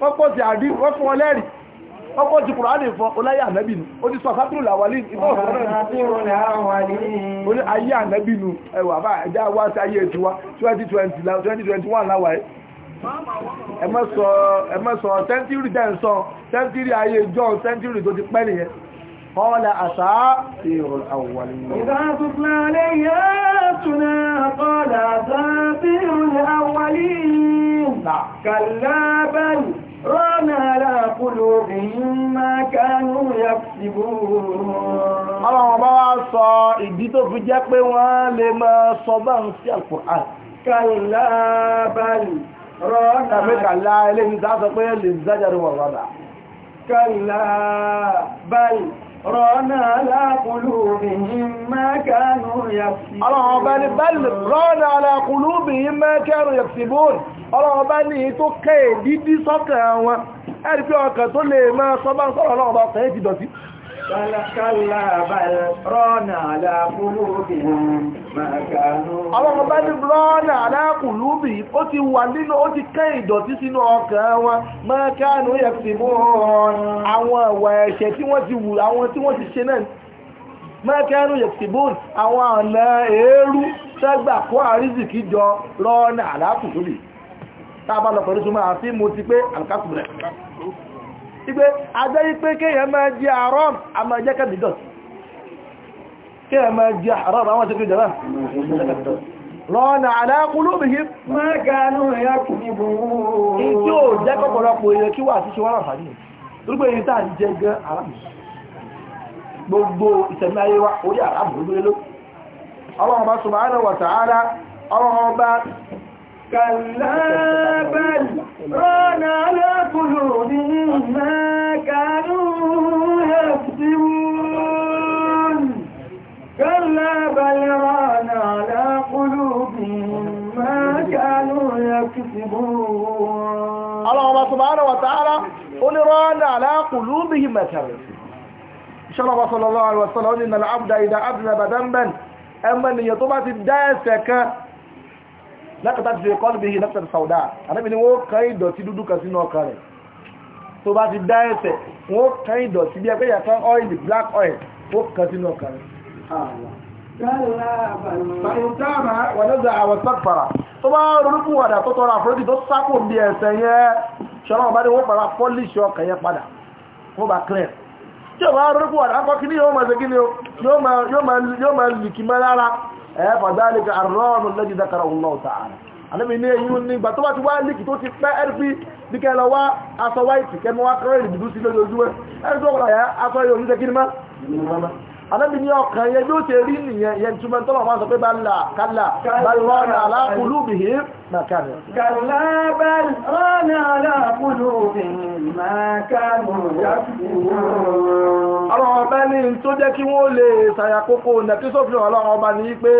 wọ́n pọ̀ sí àdí wọ́n fún ọlẹ́rìí wọ́n pọ̀ sí kùránì fún oláyé ànẹ́bì nù ó ti sọ sátúrù làwálì ìfọ́sọ̀rọ̀ ayé ànẹ́bì nù ẹwà bá ẹjá wá sí ayé tiwa 2021 láwàáyé ẹmọ́sọ̀ sẹ́ńtírì dẹ́n sọ sẹ́ńtírì ayé john sẹ́ńtírì tó ti pẹ́ nìyẹn kọ́lá àṣà ìrọ̀ àwọ̀wàlì ìdáàtùtùlá lẹ́yìn àtúnà kọ́lá àṣà ìrọ̀ àwọ̀wàlì kàlábẹ̀lì وطبعنا على قلوبهم ما كانوا يكسبون ọlọ́run ọba wá sọ ìdí tó fi jẹ́ pé wọ́n lè máa sọ bá ń sí Al-Qur'an kàlá bàlì rọ́nà mẹ́kànlá eléyìí sáà sọ pé lè zájàrí wọ̀n rọ́nà kàlá bàlì rọ́nà aláàkùlùbìyìn mẹ́kànù yẹ̀fìbòn ọlọ́run ọba ní bẹ́lì rọ́nà aláàkùlùbìyìn mẹ́kànù yẹ̀fìbòn ọlọ́run ọba ní tó kẹ́ Àwọn ọba ní Blọ́nà aláàkùnlúbì ó ti wà nínú ó ti kẹ́ ìdọ̀tí sínú ọkàn wọn, mọ́kánú yẹ ti mú àwọn ẹ̀wà ẹ̀ṣẹ̀ tí wọ́n ti wù àwọn tí wọ́n ti ṣe náà. Mọ́kánú yẹ ti bó àwọn ọ̀nà èérú sẹ́gbà kó àrízìkí jọ rọ́nà aláàkùnlúbì. Tá wípé ajẹ́ wípé kéèyàn máa jẹ haram a máa jẹ́ kẹ́bì dọ̀tí kéèyàn máa jẹ haram àwọn ṣe kéjọba lọ́nà aláàkúlù bí i mẹ́gànú ẹ̀yà kùnibùn kí tí ó jẹ́ kọ́kọ́lọpọ̀ èèyàn kí wà síṣe wọ́n àfàdí rúgbẹ́ èyí tàà jẹ́ gan arábì gbogbo ìsẹ̀mí ta'ala ọlọ́run bá كلا بل ران على قلوبهم ما كانوا يكسبون كلا بل ران على قلوبهم ما كانوا يكسبون الله سبحانه وتعالى قل ران على قلوبهم ما كانوا يكسبون إن شاء الله صلى الله عليه وسلم إن العبد إذا أذنب ذنبا أما أن يطبع الداسك lákàtà ti fi kọ́ níbi ìdáfẹ́ sàúdá ànábì ni wọ́n kàn ìdọ̀tí dúdú kan sínú ọkàn rẹ̀ tó bá ti dá ẹsẹ̀ wọ́n kàn ìdọ̀tí bí ẹgbẹ́ yàtọ̀ oil black oil ó kàn sínú ọkàn rẹ̀ fàyíntàmà wàlẹ́zà àwọn sàkpàrà tó bá ronúkú wàdà tó tọrọ àforíjì tó sápò bí ẹsẹ̀ yẹn ṣọ́nà ọba ni wọ́n pàrà pọ́líṣì ọkàn yẹn padà wọ́n bá clear tí ọba ronúkú wàdà akọ́kí ní yóò máa ṣe kí ni yóò máa lùkì mọ́ lára fàdálìkà àrọ́ọ̀nù lẹ́jì dákàrà Allah ta'ala alẹ́bìn ní èyí ní ìgbà tó bá ti wá líkì tó ti pẹ́ ẹ̀rùpí bí kẹlọ wá aṣọ wáìtì wá kẹrẹ́rì dúdú sí lójoojúwẹ́ ẹ̀rùpí anábì ní ọkàn yẹn yóò ṣe rí nìyẹn yẹn túnmọ̀ tọ́lọ̀ máa sọ pé bálá kálá balrọ́nà aláàkúlù bì í màkàrẹ̀. kálá balrọ́nà aláàkúlù bì í màkàrẹ̀. ọ̀rọ̀ ọ̀bẹ ni tó jẹ́ kí wọ́n lè ṣàyàkókò nẹ̀kísọ́fì ọlọ́run ọba ní pé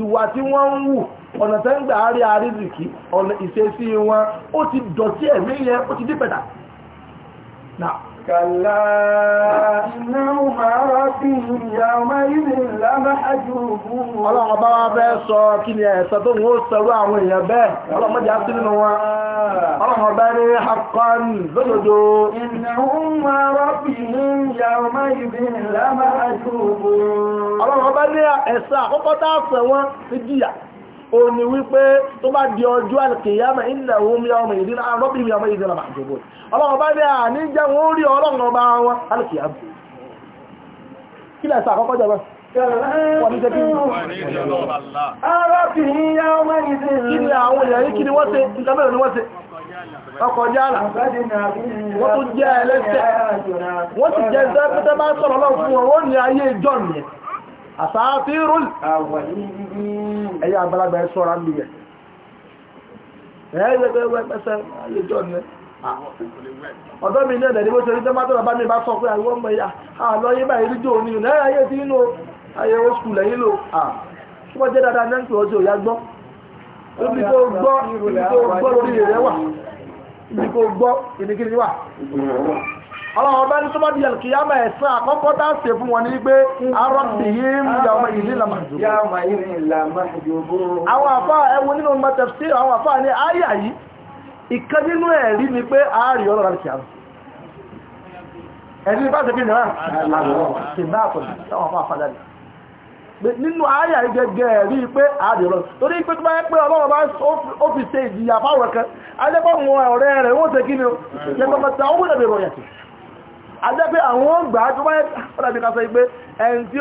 ìwà tí wọ́n ń wù ọ̀nà tẹ́ ń gbà á rí àrídìkì ọ̀nà ìṣesí wọn ó ti dọ̀tí ẹ̀mí yẹn ó ti dípẹ̀tà. كلا إنهم ربهم يومئذ لمحجوبون ọlọ́run ọba wa fẹ́ sọ kí ni ẹ̀sẹ̀ tó ń wó sọ̀rọ̀ àwọn èèyàn bẹ́ẹ̀ ọlọ́run mọ́jà sí nínú wọn ọlọ́run ọba ní akọ́n lódodo. إنهم ربهم يومئذ لمحجوبون àkọ́kọ́ tá a sọ ti jìyà ó ní wípé tó bá di ọjọ́ àlùkìyàmà ilẹ̀ ohun ya ọmọ ìdínà arọ́bì mi ọmọ ìdínà màjòbò ọlọ́run bá ní àní jẹ́ wọ́n rí ọlọ́run wọn ya kí lẹ́sà àkọ́kọ́ jẹ́ wọ́n tó jẹ́ ẹlẹ́sẹ̀ wọ́n ti jẹ́ ẹ̀sẹ́ pẹ́tẹ́ bá sọ̀rọ̀ lọ́wọ́ fún wọn wọ́n ní ayé ìjọ́ nìyẹn àsáàtírùn ẹ̀yà àgbàlagbà ẹ̀ sọ́ra mi yẹ ẹ̀ẹ́gbẹ̀gbẹ̀gbẹ̀gbẹ̀sẹ̀ àlejò ní ọ̀dọ́ mi ní ẹ̀dẹ̀ bó ṣe rí tẹ́mátọ́lá bá mi bá sọ pé àwọn ọmọ ìyá àlọ́ yí báyìí rí jò ní ìrìn ayé ah, tí inú ayé ó skùlẹ̀ yí lò àkúbọ̀ jẹ́ dáadáa ní ẹ̀kùn ọjọ́ ìyá gbọ́ ibi tó gbọ́ ibi tó gbọ́ ọlọ́run ọba ní sọ́mọ́dì alkiyama ẹ̀sán àkọ́kọ́ tá ṣe fún wọn ní pé arọ́bìyìn yàmà ìlú ìlàmà àwọn àfá ẹwọ nínú mọ́tẹ̀fẹ́ àwọn àfá ní àyà yìí ìkan nínú ẹ̀rí ni pé ààrì ọlọ́rọ̀ alkiyama ẹ̀rí bá ṣe kí nìyà ah, nínú àyà gẹ́gẹ́ rí pé àdìrọ̀ torí pé tó bá yẹ pé ọlọ́wọ́ bá ó fi ṣe ìjìyà fáwọn kan ajẹ́pọ̀ wọn ọ̀rẹ́ rẹ̀ wọ́n tẹ́ kí ni ó yẹ adẹ́pẹ́ àwọn gbà á tó bá ọ̀dà bí ká sọ pé ẹni tí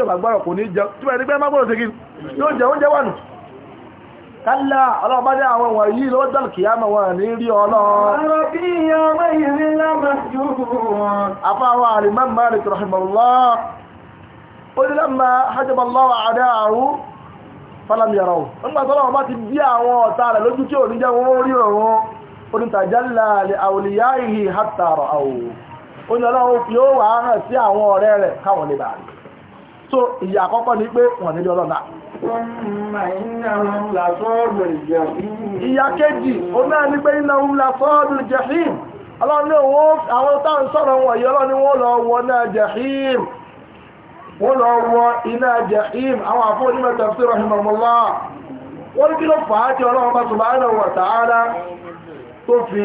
ò bá gbọ́rọ̀ kò ní jẹun tí wọ́n ní pé má gbọ́rọ̀ sí kí yóò jẹ oúnjẹ wà nù kálá ọlọ́ọ̀bá dé àwọn wọ̀n yìí ló dọ̀lù kìí àmà wọn ní rí ọlọ́run falam yarau nígbà tọ́lọ́wọ́ bá ti bí lè àwòlìyá ìhì hátàrà àwò ó ní ọlọ́run fi ó wà á hàn sí àwọn ọ̀rẹ́ rẹ̀ káwọn lè bàárẹ̀ so ìyà àkọ́kọ́ ni pé wọ́n nílé ọlọ́run ìyà kejì ó náà ní pé iná ń la sọ́ọ̀dù jẹ̀hìm ọlọ́run ní òun àwọn táwọn sọ̀rọ̀ wọ̀nyí ọlọ́run ni wọ́n lọ wọ náà jẹ̀hìm wọ́n lọ wọ iná jẹ̀hìm àwọn àfọ́ onímọ̀ tafsir rahimahullah wọ́n ní kí ló fà ọlọ́run bá ta'ala tó fi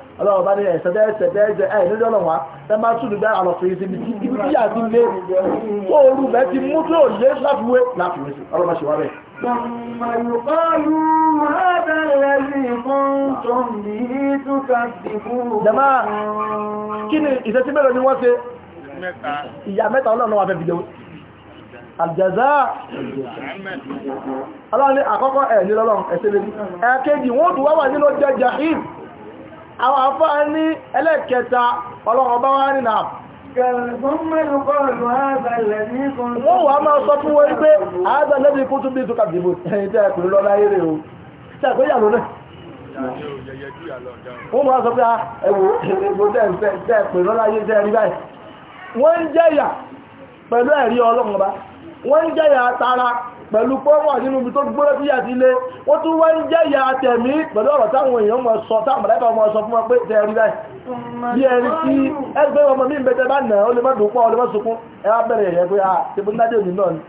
ọlọ́run bá ní ẹ̀sẹ̀ bẹ́ẹ̀sẹ̀ bẹ́ẹ̀sẹ̀ ẹ̀ nílé ọ̀nà wa ẹ máa tún nígbà àlọ́fẹ́ yìí síbi tí ibi tí àti lé tó orú bẹ́ẹ̀ ti mú tó lé láfiwé láfiwé sí ọlọ́run ṣe wá bẹ́ẹ̀. jama kí ni ìṣesí mélòó ni wọ́n ṣe ìyá mẹ́ta ọlọ́run wa fẹ́ fi jẹun àjẹ́zá ọlọ́run ní àkọ́kọ́ ẹ̀ nílọ́lọ́run ẹ̀ṣẹ́ lé wọ́n tún wá wà jẹ́ jahim àwọn afọ́ ní ẹlẹ́kẹta ọlọ́ọ̀bá wá nínà fún náà wọ́n máa sọ pé ah, ẹ̀wò ẹ̀gbò tẹ́ ẹ̀kùnrin lọ́lá eré tẹ́ báyìí wọ́n ń jẹ́yà pẹ̀lú ẹ̀rí ọlọ́run wọ́n ń jẹ́yà tara pẹ̀lú pọ́wọ́ nínú ibi tó gbọ́rọ̀ sí àti ilé wọ́n tún wá ń jẹ́ ìyà àtẹ̀mí pẹ̀lú ọ̀rọ̀ táwọn èèyàn mọ̀ sọ táwọn mọ̀lẹ́kà ọmọ sọ fún wọn pé tẹ ẹrí báyìí bí ẹni tí ẹgbẹ́ ọmọ mi ń bẹ tẹ bá nà ó lè má dùn pọ̀ ó lè má sunkún ẹ wá bẹ̀rẹ̀ ẹ̀yẹ pé ah ṣe bó nájẹ́ òní náà ni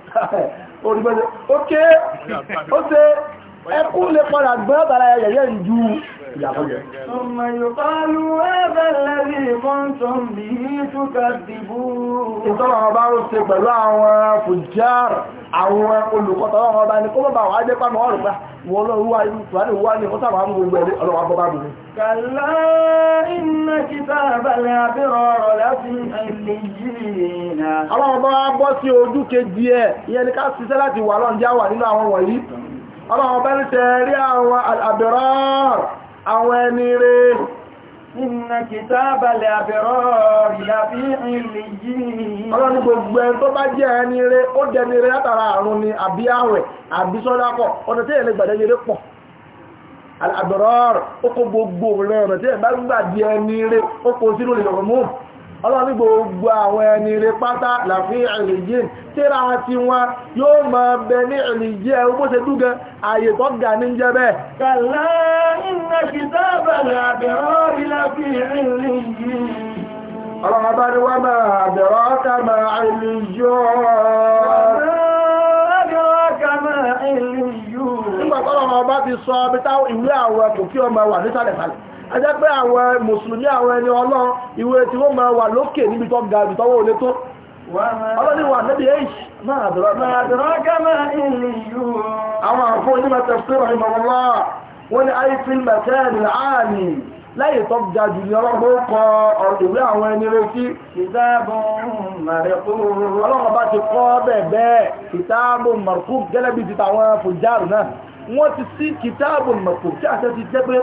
ó rí bẹ́ẹ̀ ó ké ó ṣe ẹkún lè padà gbọ́n bàrà ẹ̀yẹ ń ju ثم يقال هذا الذي كنتم به تكذبون ìtọ́nà ọba ń ṣe pẹ̀lú àwọn fùjáàrì àwọn olùkọ́tọ̀ ọlọ́run ọba ni kó bàbá wà á dé pàmò ọ̀rùn pa wọ́n lọ́rùn wá ní ìfúwádìí wá ní ìfọ́sàmù àwọn gbogbo ẹ̀rí ọlọ́wà bọ́ bá bù mí. kàlá iná kíta balẹ̀ àbírọ̀rọ̀ láti ẹ̀lẹ́ yìí náà. ọlọ́run bá bọ́ sí ojú kejì ẹ̀ àwọn ẹni rẹ̀ Inna kìtàbà lè àbẹ̀rọ̀ ìlàbí ilẹ̀ yìí. Ọlọ́ni gbogbo ẹni tó bá jẹ́ ẹni rẹ̀, ó dẹni rẹ̀ látara àrùn ni àbí àwẹ̀, àbí sọ́dápọ̀, ọ̀nà tí èlé gbàdẹ́ yẹrẹ pọ̀. Àbẹ̀rọ̀ ó kó gbogbo rẹ̀ ọ̀nà tí èlé gbàdẹ́ ẹni rẹ̀, ó kó sínú ìlọ̀rọ̀ ọlọ́run gbogbo àwọn ẹni rẹ̀ pátá làfí ẹ̀lìjìn tíra wọn tí wọn yóò mọ̀ bẹ ní ẹ̀lìjìn ẹ̀rù bó ṣe dúgan ààyè tó ga ní jẹ́ bẹ́ẹ̀. kàlá iná kìtàbàlẹ̀ àbẹ̀rọ̀ ìlàfí ẹ̀lìjìn ọlọ́run bá ní wọ́n máa àbẹ̀rọ̀ ọ̀tà máa ẹ̀lìjìn nígbàtọ́lọ́wọ́ bá ti sọ ibi ìwé àwọn ẹkùn kí ọmọ wà ní sálẹ̀sálẹ̀ ajẹ́ pé àwọn mùsùlùmí àwọn ẹni ọlọ́run ìwé tí wọ́n máa wà lókè níbi tó ga ibi tọ́wọ́ olé tó ọlọ́ni wà níbi èyí máa dọ̀rọ̀gá máa ìlú àwọn àfún onímọ̀ tẹ̀síwọ̀ ìmọ̀wọ́lá wọ́n ni àìfin mẹ́tẹ́ẹ̀lì ààmì láyé tó ga jù ní ọlọ́run kọ ìwé àwọn ẹni gẹ́lẹ́bí ti tàwọn fòjáàrù náà wọ́n ti sí kìtáàbù mọ̀kò tí àṣẹ ti jẹ́ pé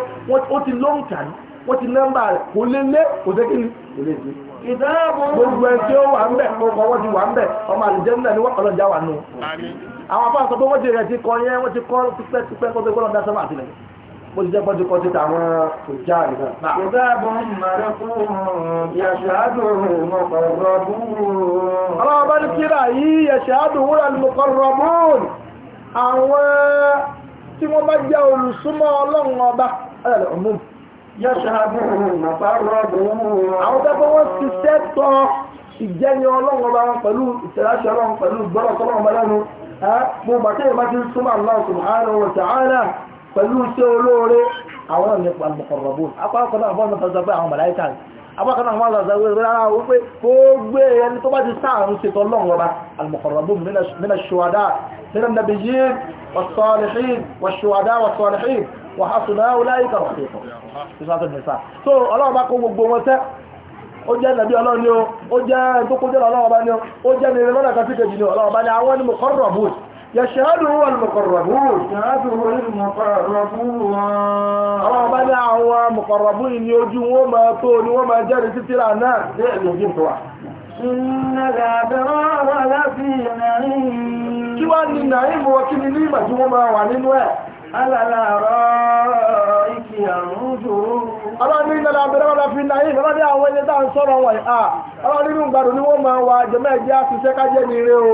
ó ti lóhùn tàbí wọ́n ti nọ́mbà rẹ̀ kò lé lé kò sé kíni kò lè dé. kìtáàbù gbogbo ẹ̀ tí ó wà ń bẹ̀ kókò wọ́n ti wà ń bẹ̀ ọmọ àlùjẹ́ nílẹ̀ ni wọ́n kọ́ lọ́jà wà nù. àwọn afọ àsọ pé wọ́n ti rẹ̀ ti kọ yẹn wọ́n ti kọ́ tipẹ́ tipẹ́ kó tó gbọ́dọ̀ dá sọ́mà sílẹ̀ mo ti jẹ́ pọ́jú kọ́ títa àwọn ìjà nìkan. kìtáàbù mọ̀rẹ́ fún yẹ̀ṣáàdù mọ̀kọ̀rọ̀bùn. ọlọ́wọ́ bá ní kíra yìí yẹ̀ṣáàdù wúrà mọ̀kọ̀rọ̀bùn àwọn tí wọ́n bá jẹ́ olùsúnmọ́ ọlọ́run ọba ẹ̀rẹ̀ ọ̀mú àwọn tẹ́kọ́ wọ́n ti sẹ́tọ̀ ìjẹni ọlọ́run ọba wọn pẹ̀lú ìtẹ̀láṣẹ́ ọlọ́run pẹ̀lú gbọ́dọ̀ tọ́lọ́run ọba lẹ́nu mo bàtẹ́ ìbá ti súnmọ́ Allah subhanahu wa ta'ala pẹ̀lú iṣẹ́ olóore àwọn nípa àgbọ̀kọ̀rọ̀bù apá ọkọ̀ náà bọ́ abákanáà wọn àzàzà wẹ́rẹ́ rárá ó pé kó gbé ẹni tó bá ti sáàrùn ṣètò ọlọ́run ọba al-muqarrabun min ash-shuhada min an-nabiyyin was-salihin wash-shuhada was-salihin wa hasuna ulaika rafiqa ìṣàtọ̀ nìsa so ọlọ́run bá kó gbogbo wọn tẹ́ ó jẹ́ nàbí ọlọ́run ni ó jẹ́ tó kó jẹ́ ọlọ́run ọba ni ó jẹ́ nìrẹ́lọ́dà kan sí kejì ni ọlọ́run ọba ni àwọn ni muqarrabun يشهده المقربون يشهده المقربون àwọn ọba ní àwọn mọ̀kọ̀rọ̀bù ìní ojú wọn máa tó ní wọ́n máa jẹ́rìí títí rà náà sí ẹ̀lú ojú tó wà. kí wá ní nàímù wọ́n kí ni ní ìgbà tí wọ́n máa wà nínú ẹ̀. alàlàrọ̀ ìkì àrùn jòrò. ọlọ́run ní nàlá abẹ́rẹ́ wọn fi nàímù ọlọ́run ní àwọn ẹni tá à ń sọ̀rọ̀ wọ̀nyí. ọlọ́run nínú ìgbàdùn ni wọ́n máa wà jẹ́mẹ́ẹ̀jẹ́ àfiṣẹ́kájẹ́ ní ire o.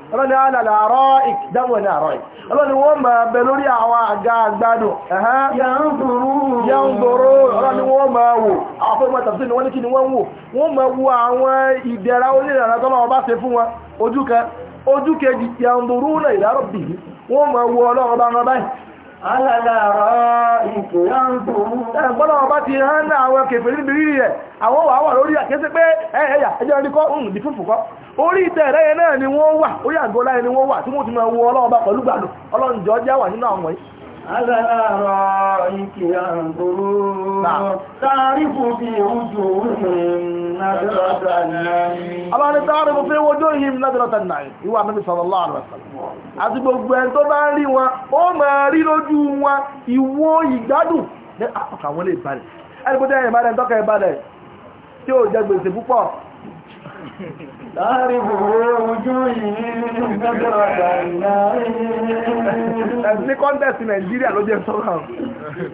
ọlọ́ni alàlàárọ́ ìdáwọ̀ ní àárọ̀ yìí ọlọ́ni wọ́n ma bẹ lórí àwọn àga àgbàdo yàǹgbòrò ọlọ́ni wọ́n ma wò àwọn fẹ́ mọ́ta sí ni wọ́n ní ìdẹ̀ra alálàárọ̀ ìfòyàǹtò ẹgbọ́nà ọba ti hàn náà àwọn kèfèrí níbi rírì rẹ̀ àwọn ya wà lórí àkẹ́sí pé ẹ̀yà ẹjọ́ ẹni kọ́ ń dìfúfù kọ́ orí ìtẹ̀ẹ̀rẹ́yẹ náà ni wọ́n wà orí àgọ́láyẹ ni wọ́n wà tí wọ́n ti máa wo ọlọ́ọba pẹ̀lú gbàlù nínú àwọn على آرائك ينظرون تعرف في وجوههم نظرة النعيم الله تعرف في وجوههم نظرة النعيم هو النبي صلى الله عليه وسلم àti gbogbo ẹni tó bá ní kọ́ńtẹ́sì nàìjíríà ló jẹ́ sọ́rọ̀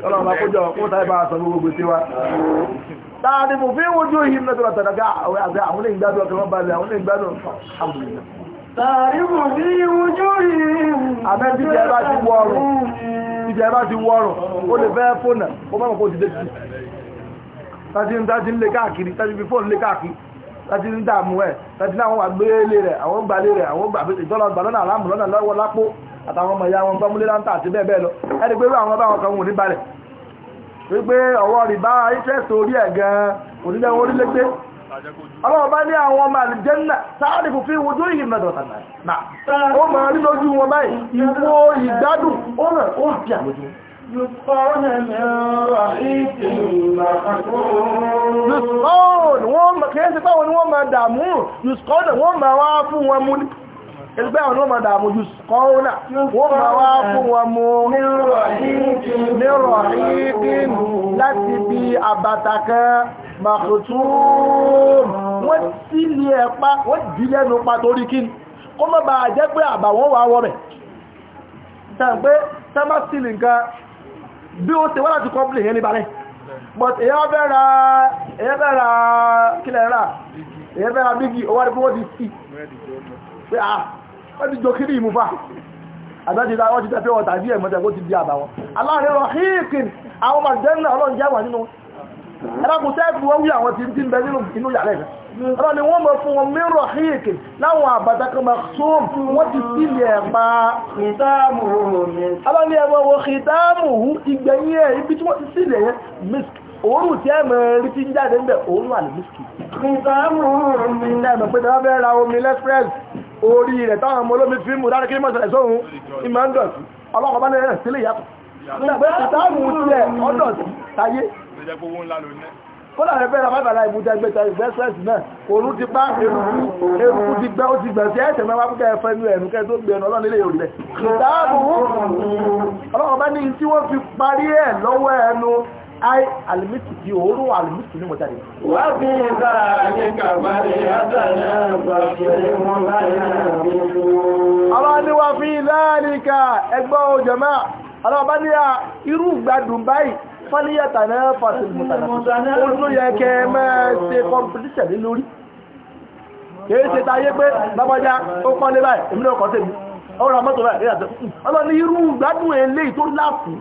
ọlọ́run àkójọ kó tàbí bá sọ gbogbo tí wá láàrin mò fi ń wojú ìhìn náà tọ́lá tàbí àwọn ilé ìgbádùn ọkọ̀ wọ́n balẹ̀ àwọn ilé ìgbádùn àmìlẹ̀ tààrífù sí ìwújú ìhìn àmẹ́bí jẹ́ bá ti wọ́rùn ìjẹ́ bá ti wọ́rùn ah, ó láti ní dààmú ẹ̀ láti ní àwọn àgbélé rẹ̀ àwọn gbalé rẹ̀ àwọn gbàgbé ìjọlọ gbàlọ́nà aláàmù lọ́nà lọ́wọ́ lápò àtàwọn ọmọ ìyá wọn gbọ́múlé láńtà àti bẹ́ẹ̀ bẹ́ẹ̀ lọ ẹni pé àwọn ọba àwọn kan wò ní balẹ̀ wípé ọwọ́ rìbá interest orí ẹ̀ gan-an onílẹ̀ orí légbé ọlọ́wọ́ bá ní àwọn ọmọ àlìjẹ́nà sáàdì kò fi wojú ìhìn mẹ́dọ̀ tàbí náà ó mọ̀ rí lójú wọn báyìí ìwò ìgbádùn ó rẹ̀ ó يسقون من رحيق محكوم kìí ṣe báwọn ni wọ́n máa dàmú yùsùkọ́nà wọ́n máa wá fún wọn mú ẹgbẹ́ àwọn ọmọ dàmú yùsùkọ́nà wọ́n máa wá fún wọn mú nírọ̀ ìpín láti bí àbàtà kan makùtùm wọ́n tí lè ẹ̀pá wọ́n dì lẹ́nu pa torí kí kó mọ́ bá jẹ́ pé àbàwọ́n wà wọ́n rẹ̀ bí ó ṣe wá láti kọ́pìlì yẹn ní balẹ̀ but èyàn bẹ́ra kílẹ̀ rà èyàn bẹ́ra bígi owó àdìpọ̀ wọ́n ti sí pé à ah, wọ́n ti jọ kiri ìmúfà àdájídá wọ́n ti tẹ́fẹ́ ọ̀tà díẹ̀ mọ́tẹ́ kó ti di àbá wọn aláàrẹ rọ hìkìn àwọn màdẹ́nà ọlọ́run jẹ́ wà nínú ẹ̀rọ kò tẹ́ẹ̀kù wọ́n wí àwọn ti ń bẹ nínú yàrá ẹ̀fẹ́ ọ̀rọ̀ ni wọ́n mọ̀ fún wọn mẹ́rọ̀ hìkì láwọn àbàtàkà maxum wọ́n ti sílẹ̀ ẹ̀pá alọ́ni ẹgbẹ́ wo hìtàmùhù ìgbẹ̀yìn ẹ̀ ibi tí wọ́n ti sílẹ̀ yẹn misk òórùn tí ẹ̀ mọ̀ rí ti ń jáde ń bẹ̀ òórùn àlùmísìkì hìtàmùhù mi náà mọ̀ pé tẹ́wọ́ fẹ́ ra omi lẹ́fẹ́rẹ́sì orí rẹ̀ táwọn ọmọ olómi fi mú dáríkí mọ́sẹ̀lẹ̀ sóhun ìmọ̀ndọ̀sí ọlọ́kọ̀ bá ní ẹ̀rẹ̀ sílẹ̀ yàtọ̀ kódà rẹ̀ bẹ́ẹ̀ rábàtàlá ìmúdá gbẹ́ta ìgbẹ́sẹ̀sì náà òru ti bá eruku ti gbẹ́ ó ti gbẹ̀ sí ẹ̀sẹ̀ mẹ́wàá fún kẹfẹ́ inú ẹ̀nu kẹ́ tó gbé ẹnu ọlọ́run nílé òrìlẹ̀ ìdáàbò ọlọ́run bá ní tí wọ́n fi parí ẹ̀ lọ́wọ́ ni mo jáde. wá bí ìgbà ní kàbárí àtàlẹ́ àgbàṣẹ́ wọn láyé àbíkú. ọlọ́run ni wọ́n fi láàrín ká ẹgbọ́ òjọ̀mọ́ ọlọ́run bá ní irú ìgbádùn báyìí fọ́líyàtà náà fàṣìlì mùtànà ó ló yẹ kẹ́ ẹ máa ṣe kọ́mpìtíṣẹ̀ ní lórí kìí ṣe táyé pé bábọ́já ó pọ́n lé báyìí èmi náà kọ́ tèmi ó ra mọ́tò báyìí ìyàtọ̀ ọlọ́ni irú gbádùn eléyìí tó láàfù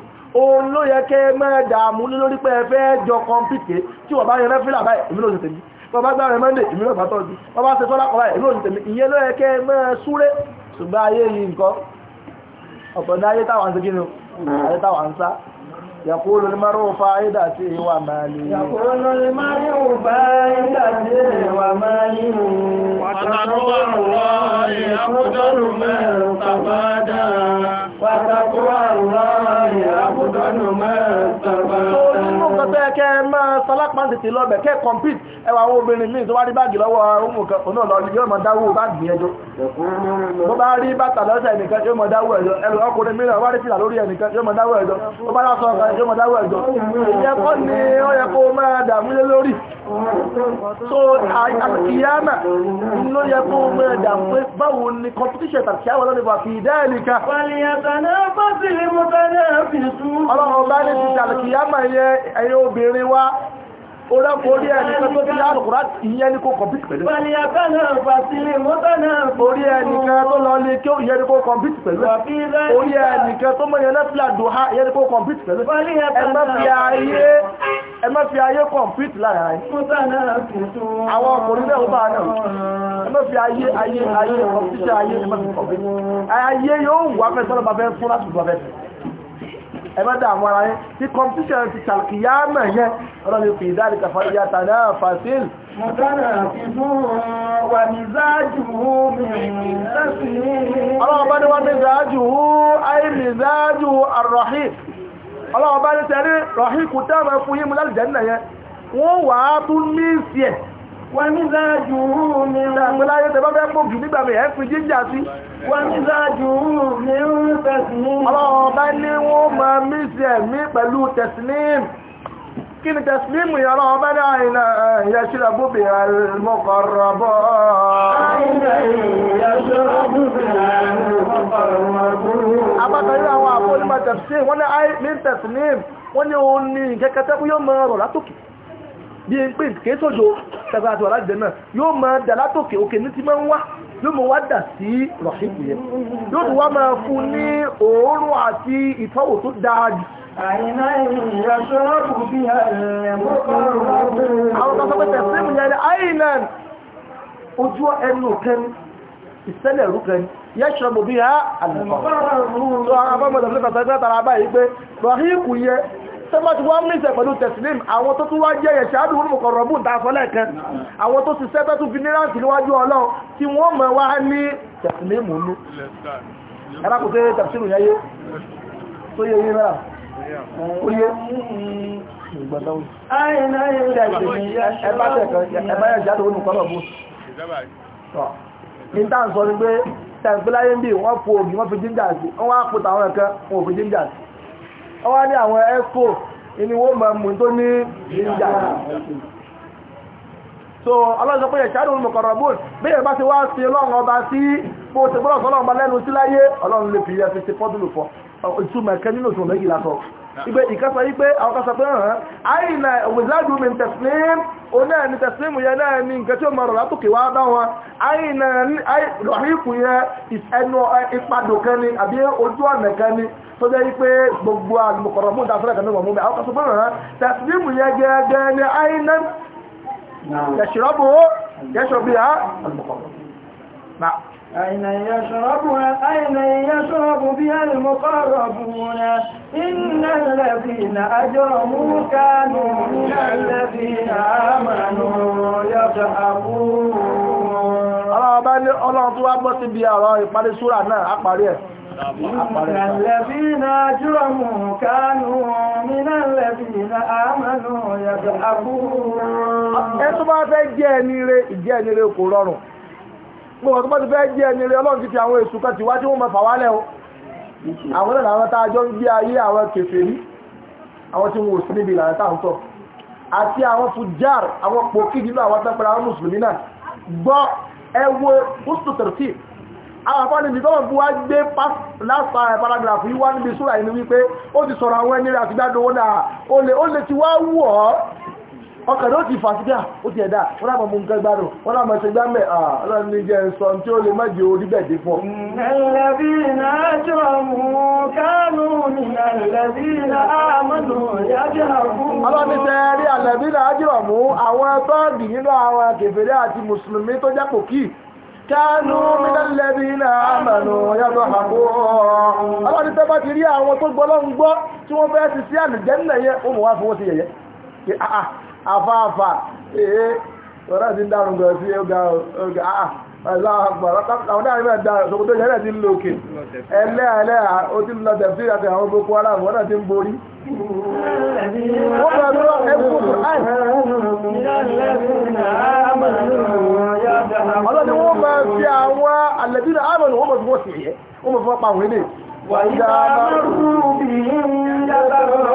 òun ló yẹ kẹ́ ẹ máa dààmú lórí pé ẹ fẹ́ jọ kọ́mpìtì tí wọ́n bá yẹn rẹ́ fílà báyìí èmi náà ṣe tèmi wọ́n bá gbára mọ́ndé èmi náà bá tọ́jú wọ́n bá ṣe sọ́lá kọ́ báyìí èmi náà يقول المرء فائدته ومالي يقول المرء فائدته ومالي وتقوى الله أفضل من تفادى وتقوى الله أفضل من تفادى alápán tètè lọ kẹ́ compete ẹwà àwọn obìnrin míì tó báàgì lọ́wọ́ ọmọ kan òun náà lọ yẹ kó máa dààmú lé lórí so àkìyàmà ló yẹ kó máa dààmú pé báwo ni competition àkìyàmà lọ́nà ìwà fi ìdá ọlọ́run bá ní ti orákò orí ẹni tó ti láàrùn kúrá ìyẹn ní kó kọ̀mpítì pẹ̀lú orí ẹnìkan tó lọ lé kí ìyẹn ní kó kọ̀mpítì pẹ̀lú orí ẹnìkan tó mọ̀ yẹn fílà dùhá ìyẹn ní kó kọ̀mpítì pẹ̀lú ẹ má fi ayé kọ̀mpítì lára ẹ̀ àwọn ọkùnrin náà ó bá náà ẹ má fi ayé ayé ayé kọ̀mpítì ayé ẹ má fi kọ̀mpítì ayé yóò wà fẹ́ sọ́lọ́ bàbẹ́ fún láti gbọ́ bẹ́ẹ̀ ẹ̀mẹ́ta àwọn ara yẹn tí competition ti ṣàkíyá mọ̀ yẹn ọlọ́ni fi ìdáàdì kàfà ìyàtà náà fàṣíl ọlọ́ọ̀bá ní tẹ́rí rọ̀híkù tẹ́mọ̀ fún yí mú láti jẹ́ nìyẹn wọ́n wà á tún ní ìsì ẹ̀ wọ́n ní záàjú mi ń rẹ̀ pẹ́láyé tẹ́bá fẹ́ pògì nígbàmì ẹ̀ fi jíjà sí wọ́n ní záàjú mi ń fẹ́ ẹ̀mí pẹ̀lú tẹ̀sílìm kí ni tẹ̀sílìm yọrọ ọba náà iná ìyẹ́sílẹ̀ bóbi àìmọ́kọ̀rọ̀bọ̀ abátayé àwọn àpolímọ̀ tẹ̀sílìm wọ́n ní àì ní tẹ̀sílìm wọ́n ní òun ní kẹ́kẹ́tẹ́ yóò mọ ọ̀rọ̀ látòkè bí i pé kìí sójò tẹ̀gbà àti ọ̀rá ìdẹ̀nà yóò mọ dà látòkè òkè ní ti máa ń wá dà sí rọ̀ṣíkì yẹn yóò tún wá máa fún ní òórùn àti ìtọ́wò tó dáa Àìná ìyẹ̀ ṣọ́ọ̀bù bí ẹ̀rẹ̀ mọ́kànlá. Àwọn tó sọ pé tẹ̀sílì yẹn ni àìná ojú ẹnu kẹni ìṣẹ̀lẹ̀ ẹ̀rú kẹni yẹ́ṣọ́bù bí ha àlùfọ́ tọ́bọ̀tí wọ́n mìíṣẹ̀ pẹ̀lú tẹ̀sílìm àwọn tó tún wá jẹ́ ẹ̀ṣẹ́ àdúgbò mọ̀kànrọ̀bù tààfọ́lẹ̀ kan àwọn tó sì sẹ́tọ́ tún fi níráǹtì níwájú ọlọ́run tí wọ́n mọ̀ wá ní tẹ̀sílìm mú Oyé ìgbọ̀dọ̀wò. Ẹbá tẹ̀kọ̀ ẹbá yẹ̀ jáde òun kọ́lọ̀ bú. Ní tá ń sọ ní pé tẹ̀gbẹ́láyé ń bí wọ́n fò ògì wọ́n fi jíńjà sí, wọ́n wá pòtà àwọn ẹ̀kẹ́ wọn ò fi jíńjà sí. Wọ́n wá ní mọ̀ mú tó ní jíńjà so ọlọ́sọ pé ẹ̀ṣẹ́ àdúrà mọ̀kànrọ̀ bóòl bí ẹ̀bá ti wá sí ọlọ́run ọba sí bó ti bọ́lọ̀ sọ́lọ́run ọba lẹ́nu sí láyé ọlọ́run lè fi ẹ̀fẹ́ ti fọ́dúnlù fọ́ ìtumọ̀ ẹ̀kẹ́ nínú òṣùwọ̀n méjì látọ̀ ibẹ̀ ìkásọ̀ yí pé àwọn kásọ̀ pé hàn àìnà wìzáàdù mi tẹ̀sílẹ̀m ó náà ni tẹ̀sílẹ̀mù yẹn náà ni nǹkan tí ó mọ̀rọ̀ látòkè wá bá wọn àìnà rọ̀hìkù yẹn ẹnu ìpadò kan ni àbí ojú ọ̀nà kan ni tó jẹ́ yí pé gbogbo àlùmọ̀kọ̀rọ̀ mú dáfẹ́rẹ́ kan ní wọ̀n mú mi àwọn kásọ̀ pé hàn tẹ̀sílẹ̀mù yẹn gẹ́gẹ́ ni àìnà yẹ̀ṣirọ́bù yẹ̀ṣọ̀bù yà أين يشربها أين يشرب بها المقربون إن الذين أجرموا كانوا من الذين آمنوا يضحكون ọlọ́ọ̀bá ní ọlọ́run tó wá gbọ́ sí bí ọ̀rọ̀ ìparí súra náà إن الذين أجرموا كانوا من الذين آمنوا يضحكون ẹ tó bá fẹ́ jẹ́ ẹni rẹ̀ gbogbo ọ̀tọ́ bá ti fẹ́ jẹ́ ẹni rẹ ọlọ́run ti fi àwọn èṣù kan tìwá tí wọ́n mọ fàwálẹ̀ o àwọn náà làwọn tá a jọ ń gbé ayé àwọn kèfèrí àwọn tí wọn ò sí níbi ìlànà tá à ń tọ̀ àti àwọn fujar àwọn pòkì nínú àwọn tẹ́pẹ̀rẹ̀ àwọn mùsùlùmí náà gbọ́ ẹwọ pústù tẹ̀rẹ̀tì àwọn afọ́nì bí tọ́wọ́n fún wa gbé last paragraph yìí wá níbi súra yìí ni wípé ó ti sọ̀rọ̀ àwọn ẹni rẹ̀ àti gbádùn ó náà ó lè ti wá ọkàn ló ti fà sí bíà ah, ó ti ẹ̀dá wọ́n láàmọ̀ mú nǹkan gbádùn wọ́n láàmọ̀ ṣe gbámẹ̀ ah, ọlọ́run jẹ́ sọ tí ó lè mẹ́jì orí bẹ̀dẹ̀ fọ́. ẹlẹ́bìnà jọ mú kánú ní ẹlẹ́bìnà àmọ́nù yájọ́ fún. ọlọ́run afáàfà èé ọ̀rẹ́ ti ń dárun gan sí ọgá ọgá àlọ́ àwọn dáhùn náà dá ṣòkòtò ìṣẹ́lẹ̀ ti ń lo òkè ẹlẹ́ ẹlẹ́ o ah, ti lọ tẹ̀sí àti àwọn Boko Haram wọ́n náà ti ń borí. wọ́n bẹ̀rẹ̀ lọ ẹ̀kú kùráì. ọlọ́ni wọ́n máa fi àwọn àlẹ́bí náà àmọ̀ ni wọ́n máa fi wọ́n sì yẹ wọ́n máa fi wọ́n pa àwọn ilé. wàyí dáa máa rú bí yín yá bá rọ̀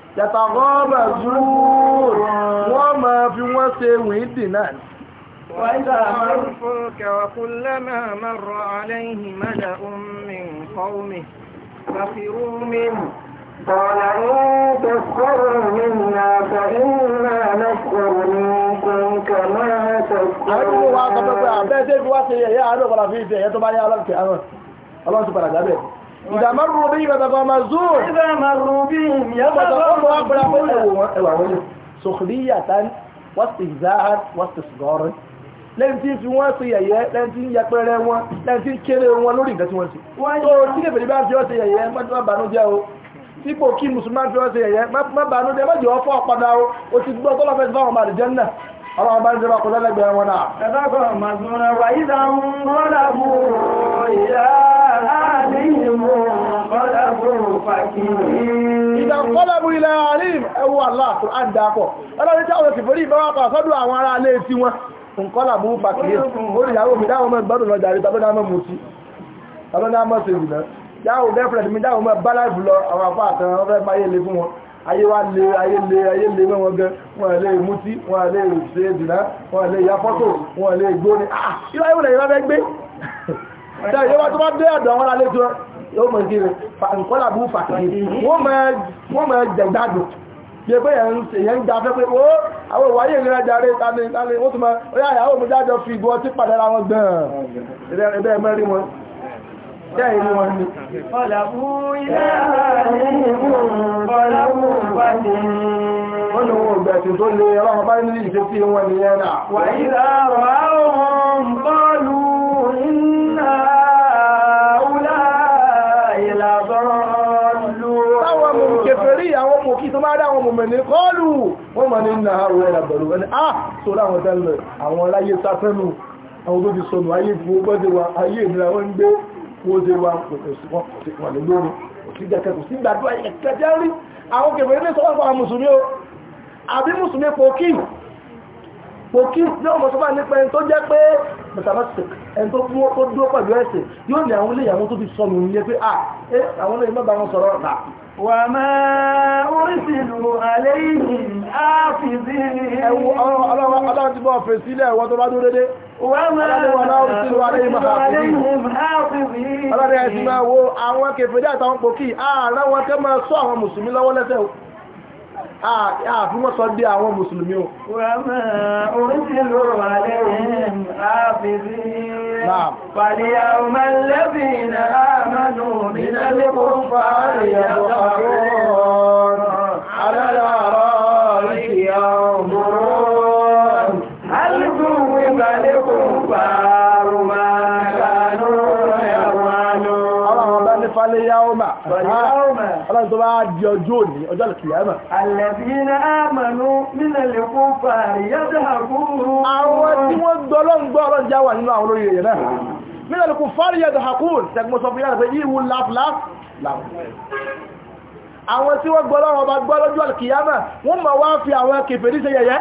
yàtàgọ́ọ̀bà zúúrù wọ́n máa fi wọ́n ṣe wìndì náà ni. وإذا مر الفلك وكلما مر عليه ملأ من قومه سخروا منه قال إن تسخروا منا فإنا نسخر منكم كما تسخرون. إذا مروا بهم يتغمزون إذا مروا بهم يتغمزون سخرية واستهزاء واستصغار lẹ́yìn tí fi wọ́n ṣe yẹ̀yẹ́ lẹ́yìn tí yẹpẹrẹ wọn lẹ́yìn tí kéré wọn lórí ìgbẹ́ tí wọ́n ṣe tó tí kèfèrè bá fi wọ́n ṣe yẹ̀yẹ́ mọ́jọ́ bànújẹ́ o sípò kí musulman fi wọ́n ṣe yẹ̀yẹ́ mọ́bànújẹ́ mọ́jọ́ fọ́ ọ̀padà o ti gbọ́ tọ́lọ́fẹ́ ọlọ́run bá ń jọba kò lẹ́lẹ́gbẹ̀ẹ́ wọn náà. ẹ̀dọ́kọ̀ màzúnà wà ìdá ń gọ́lẹ̀bù ìyá àlìyìnmó gọ́lẹ̀bù fàkìrì. ìdá gọ́lẹ̀bù ilẹ̀ àlìm ẹwú aláàtò àdàpọ̀ ọlọ́run tí àwọn kìfòrí ìbáwá pa sọ́dọ̀ àwọn ará alẹ́ tí wọn nkọ́lẹ̀bù fàkìrì olùyàwó mi dáwọn mọ́ gbọ́dọ̀ lọ́jà rí tàbí dáwọn mọ́ sí tàbí dáwọn mọ́ sí ìdìbò dáwọn gẹ́fẹ̀rẹ̀ mi dáwọn mọ́ bá láìfù lọ àwọn àpá àtàwọn ọ̀fẹ́ báyé le fún wọn ayé wá lé ayé lé ayé lé mọ́ wọn gan wọn lè mutí wọn lè ṣe dìná wọn lè ya fọ́tò wọn lè gbóni ah irú ayé wọn lè yọ bẹ́ gbé ṣe ìjọba tó bá dé ọ̀dọ̀ wọn lálejò yóò mọ̀ kí nkọ́lá bú fàkìrì wọ́n mọ̀ jẹ̀gbádùn bí ẹgbẹ́ èèyàn ń gba fẹ́ pé ó àwọn ìwáyé ìrìn àjàre tani tani wọ́n tún mọ̀ ó yà ìyàwó mi jájọ fi ìbú ọtí padà ra wọn gbọ̀n ẹgbẹ́ dáìrí wọn ni. Ọ̀làbú ilé àárín ìgbùn ọ̀làbú pàdé. Wọ́n ni wọ́n gbẹ̀ tí tó lè ọlọ́run bá nílì ìṣẹ́ tí wọ́n ni yẹn Wà ìlà rọ̀ áwọn bọ́ọ̀lù iná ọlá ìlàbọ̀ọ̀lù. Táwọn mọ̀ kẹfẹ̀rí àwọn mọ̀ kí tó máa dá àwọn mọ̀ ní kọlù. Wọ́n mọ̀ ní ìnà àrùn ẹ̀làbọ̀lù. wọ́n dé wá wà ní lórí òsì sí gbàdúrà ìkẹ́kẹ́ jẹ́ àwọn kèfèrè ní sọ́wọ́ àwọn mùsùlùmí o àbí mùsùlùmí pòkí pòkí ní ọmọ sọ́fà nípa ẹni tó jẹ́ pé ẹni tó dúró pẹ̀lú yóò ní àwọn ilé وما أرسلوا عليهم حافظين Ọlọ́run ti bọ́ fẹ́ sílẹ̀ ẹ̀wọ́ tó bá dúró dédé. Wọ́n máa àfún ah, ah, wọ́n sọ dé àwọn mùsùlùmí o. Wọ́n mẹ́ ọlọ́run tó bá di ọjọ́ òní ọjọ́ àlùkìyàmà. àlẹ́bíná àmàlú nílẹ̀ lè kó fà yẹ́dà àkúrú. àwọn tí wọ́n gbọ́ ọlọ́run gbọ́ ọlọ́run já wà nínú àwọn olórí èèyàn náà. nílẹ̀ lè kó fà yẹ́dà àkúrú tẹ̀gbọ́n sọ fún yàrá pé ìwú láfláf àwọn tí wọ́n gbọ́ ọlọ́run ọba gbọ́ wọ́n mọ̀ wá fi àwọn kèfèrí ṣe yẹ̀yẹ́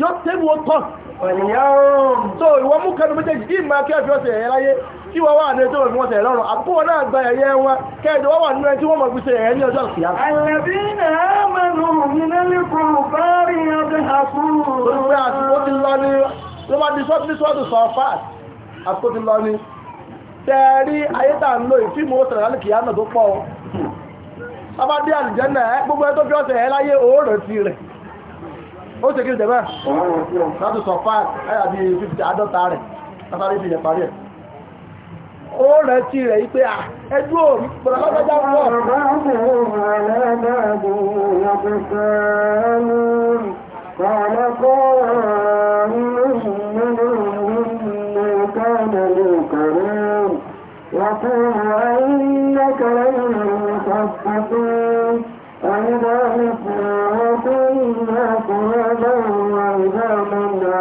yóò tẹ́bù ó tọ̀ so ìwọ mú kẹnu méjèèjì kí ìmọ̀ kí ọ̀fẹ́ ọ̀sẹ̀ ẹ̀yẹ láyé kí wọ́n wà ní ètò òfin ọ̀sẹ̀ lọ́rùn àkókò náà gba ẹ̀yẹ wọn kẹ́ẹ̀dọ̀ wọ́n wà nínú ẹni tí wọ́n mọ̀ fi ṣe ẹ̀yẹ ní ọjọ́ ìfìyà. àlẹ́bí náà mẹ́nu ìnálékò bá rí ọdún àkúrò. ó ti pẹ́ àsìkò ti lọ ní ló máa di sọ́tún sọ́tún sọ fáàt àsìkò ti lọ ní. tẹ́ẹ̀rí ayé tà ń lo ìfíìmù ó tẹ̀lé lálẹ́ kìyà náà tó pọ̀ o. abá dé àlùjẹ́ náà gbogbo ẹ tó fi ọ̀sẹ̀ ẹ̀ láyé òórùn ti rẹ̀ ó ṣe kiri dẹ̀bẹ́ láti sọ fáà ẹ̀yà bí àádọ́ta rẹ̀ látàrí ìfìyẹ̀ parí ẹ̀ ó rẹ̀ tí rẹ̀ yí ẹjú ò pọ̀lọ̀lọ́gbẹ́já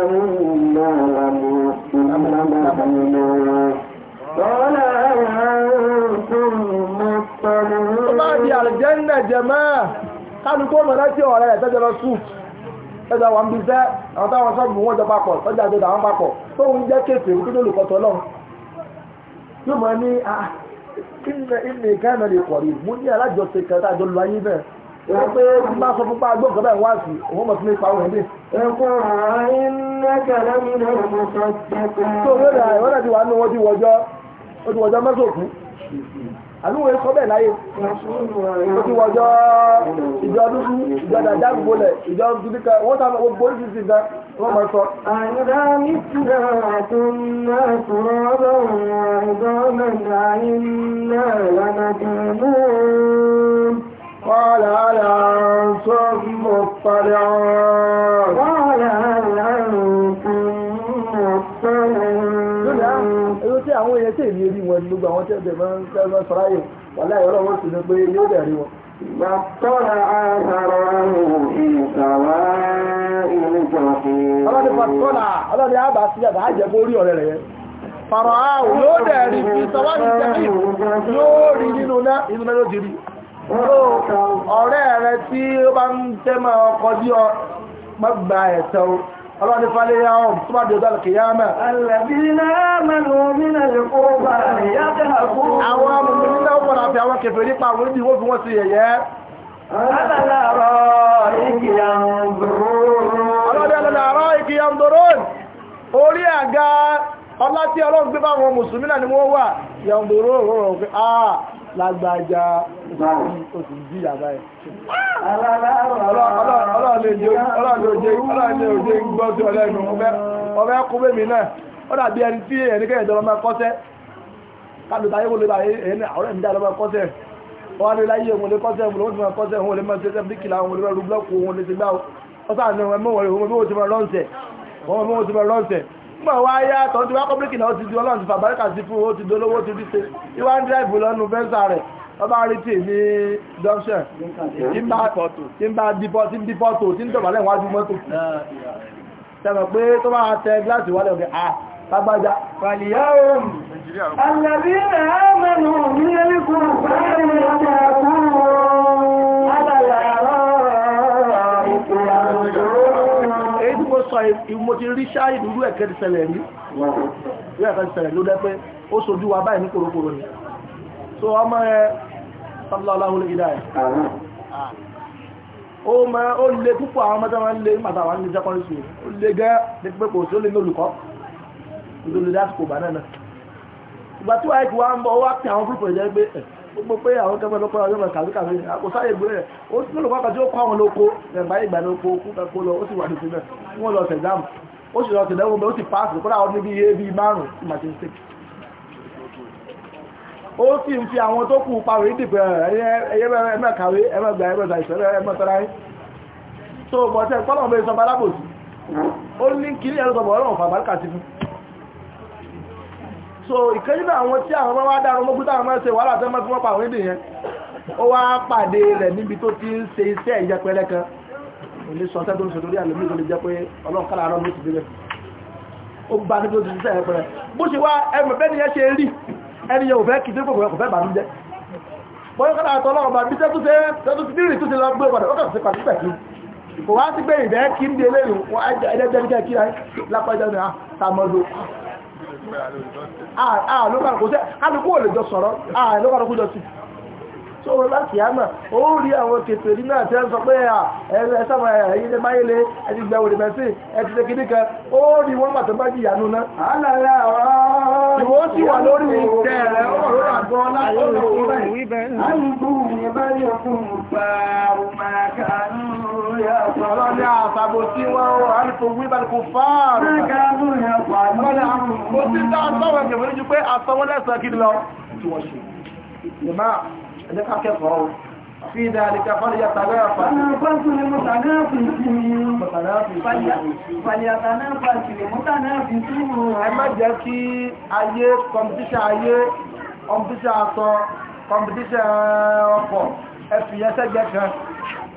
إنا لمسلمون قال هل أنتم مطلعون ọba di àlùjẹ́nà jẹ̀mọ́ kálukú ọmọ náà tí ọ̀rẹ́ rẹ̀ tẹ́jọ́ lọ sùn ẹ̀dá wà ń bí sẹ́ àwọn táwọn sọ́ọ̀bù wọn jọ papọ̀ sọ́jà àti àwọn papọ̀ tó ń jẹ́ kéèké kí ló lè kọ́tọ̀ náà yóò mọ̀ ní ìmì kánà lè kọ̀rí mo ní alájọṣe kan tá a jọ lu ayé bẹ́ẹ̀ wọ́n pé bá sọ fún pàgbọ́ ọ̀gọ́dá ìwá sí òun mọ̀ sí nípa òun ẹ̀dẹ́. ẹ̀kọ́ àárín mẹ́kẹ̀lẹ́ mi lè mọ̀ sọ jẹ́kọ́. tó o lóra ìwọ́n náà ti wà nínú wọn ti wọjọ́ ó ti wọjọ́ mẹ́sòkú àlúwò ẹ̀kọ́ bẹ́ẹ̀ láyé ó ti wọjọ́ ìjọ dúdú ìjọ dàdá gbolẹ̀ ìjọ dúdú kan wọ́n ta gbogbo oríṣiríṣi gan wọ́n mọ̀ sọ. àyùdá mi ti rà àtúnná sọ̀rọ̀ ọ̀rọ̀ ọ̀dọ́ mẹ́ta ayé náà lánàá قال هل أنتم مطلعون قال هل أنتم مطلعون Ẹgbẹ́ tí àwọn èyẹ tí èmi ọ̀rẹ́ rẹ tí ó bá ń tẹ́ máa ọkọ̀ bí ọ mọ́gbà ẹ̀tọ́ ọlọ́run ní tó bá di ọjọ́ àlùkè yà mẹ́. àlàbí náà mẹ́nu omi náà lè kó bá ìyá tẹ̀ àkó. àwọn amòfin ní náà wọ́n àfi àwọn kẹfẹ́ nípa àwọn ìdí wọ́n fi wọ́n sí yẹ̀yẹ́. alálàárọ̀ ìkìyà ń dòrò. ọlọ́dẹ alálàárọ̀ ìkìyà ń dòrò. orí àga ọlá tí ọlọ́run àwọn mùsùlùmí náà ni wọ́n wà yà ń dòrò rọrùn lágbájá oṣù jíyà báyìí. ọlọ́ọ̀lẹ́ òjé ń gbọ́ sí ọlẹ́nu ọbẹ̀ kú bèmí náà ó dàbí ẹni tí ẹni kẹ́yẹ̀ dọ́rọ̀ máa kọ́sẹ́ káàdù táyé wọlé bá ẹni àwọn ẹ̀mí dáadọ́ máa kọ́sẹ́ wọ́n lè láyé òun lè kọ́sẹ́ òun lè máa kọ́sẹ́ òun lè máa ṣe sẹ́fíkìlà òun mọ̀ wá yá tọ́jú wá kọ́bílìkì náà ti di ọlọ́run ti fàbáríkà sí fún ó ti dolówó ti díse ìwá ń dírẹ́bù lọ́nu fẹ́ǹsà rẹ̀ ọba rítì ní junction tí ń bá dipọ́tò tí ń dọ̀bálẹ̀ wájú mọ́tò tẹ́mọ̀ pé tó máa tẹ gíláàsì wálẹ̀ ọ̀gẹ́ àgbájá mo ti rí ṣáì dúdú ẹ̀kẹ́ ti ṣẹlẹ̀ rí rí ẹ̀kẹ́ ti ṣẹlẹ̀ ló dẹ́ pé ó sojú wa báyìí ní korokoro ni so ọmọ ẹ sábúláwọ́ ní ìdá ẹ̀ ó mọ ó lé púpọ̀ àwọn ọmọ tó máa ń lé pàtà wà ní secondary school ó lé gẹ́ ní pé kò sí ó lé ní olùkọ́ ìdólódásíkò bá gbogbo pé àwọn kẹfẹ́ ló pẹ́ra lọ́mọ kàwékàwé àkọsáyè ìgbélẹ̀ ó sì lọ́lọ́ pàtàkì ó kọ́ àwọn lóko ẹ̀bá ìgbà lóko kú kẹ́kọ́ lọ ó sì wà lóṣù náà wọ́n lọ sẹ̀dáàmù ó sì lọ sẹ̀dáàmù bẹ́ẹ̀ ó sì páàsì kọ́ra àwọn níbi iye bíi márùn-ún sí màtí sí. ó sì ń fi àwọn tó kù pàrọ̀ ìdìbò ẹ̀yẹ mẹ́kàwé ẹ̀mẹ́gbà ẹ̀mẹ́gbà ìṣẹ̀lẹ̀ ẹ̀mẹ́tọ́ra yín tó bọ̀ so ìkan nínú àwọn tí àwọn máa wá dára ọmọkúta àwọn máa ṣe wàhálà tó máa fi wọ́n pa àwọn ènìyàn ó wá pàdé rẹ̀ níbi tó ti ń ṣe iṣẹ́ ìjẹpẹlẹ kan òní sọ tẹ́tọ́ ṣe lórí jẹ́ pé ọlọ́run ló ti bẹ̀rẹ̀ ó níbi tó ti ṣiṣẹ́ bó ṣe wá yẹn ṣe rí ẹni yẹn ò fẹ́ Ah ah, àà ló bá kò sẹ́ kálukú ò lè jọ sọ̀rọ̀ Ah, ló bá kò jọ sí tó o láti àmà ó rí àwọn kètò ìdí náà tẹ́ ń sọ pé ẹ sábà ẹ̀yìn lè máyé lé ẹ ti gbà wòlé mẹ́sìn ẹ ti ṣe kíní kan ó rí wọ́n màtó bá jìyà nù náà. àlà rẹ àwọn ìwọ sì wà lórí ìtẹ rẹ ó wà lórí àgọ́ látọ̀nà òwúrọ̀ yìí. àyùkú mi bá yọ fún mi pa òmà kanú yà sọ̀rọ̀ ní àtàbò tí wọ́n ó àlùkò wí ẹ̀jẹ̀ ká kẹ́kọ̀ọ́ fi ìdáríkà fọ́lẹ̀yàtàgbẹ́ kọmpútíṣà aṣọ kọmpútíṣà ọkọ̀ ẹ̀fìyẹsẹ́gbẹ̀ kan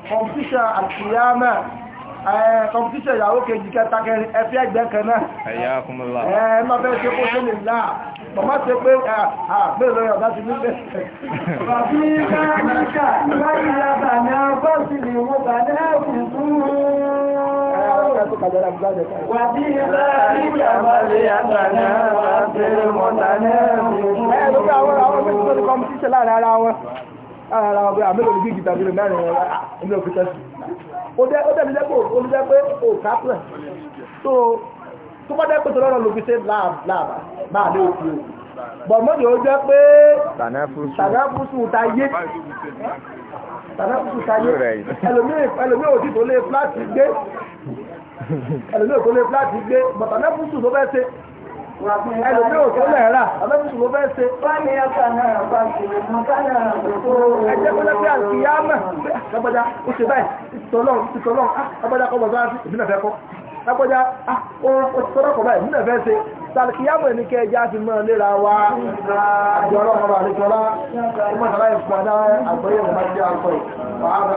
kọmpútíṣà àkìyàmẹ́ kọmpútíṣẹ̀ eh, ìyàwó kejì kẹta kẹrin ẹfí ẹgbẹ́ kan náà ẹ̀yà kúmọ̀lá ẹ̀ má fẹ́ ṣe kó tó lè là bàbá ṣe pé àgbélò ah, ah, yọ̀ bá ti ní bẹ́ẹ̀. bàbí káàkà ìwádìí yàtà ní ọgbọ́n sì lè mú bàdé ẹ̀kùn ara wọn pé àmẹ́lò ní gígì tàbí mẹ́rin wọn ní ah, òfìsẹ́ sí ó dẹ́bi jẹ́ pé ó ní jẹ́ pé ó kápẹ́ tó tó bá jẹ́ pé tó lọ́rọ̀ lòfìsẹ́ láàbà máa lé òkú bọ̀mọ́dé ó jẹ́ pé tànáfúsù tayé ẹlòmí òtí tó lé fláàtì gbé bọ̀tànáfúsù tó fẹ́ ṣe ẹlòmíràn ò ni lẹ̀ rà ọlọ́mùsùn ló fẹ́ ṣe. báyìí ọkà náà bá ṣe mọ káyà àgbẹ̀kọ́. ẹjẹ kọ́lá bí àkìyá mọ̀ lágbájá ó ṣe báyìí tọ́lọ́ tọ́lọ́ ah, lágbájá kọ́ bọ̀ sáà sí ìbínà fẹ́ kọ́ lágbájá ah, ó ti tọ́lọ́ kọ́ báyìí ìbínà fẹ́ ṣe sàlìkìyà mọ̀ ní kẹjá fi mọ́ léra wa àjọ ọlọ́mọba àdéjọlá ó mọ̀ sáláyé fún adá àgbẹ̀yẹ̀ mọ̀ máa jẹ́ àgbẹ̀ wàhálà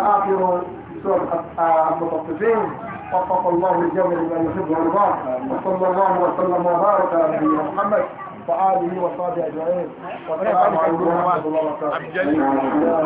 وفق الله الجميع لما يحب ويرضاه وصلى الله وسلم وبارك على نبينا محمد وآله وصحبه أجمعين والسلام عليكم ورحمة الله وبركاته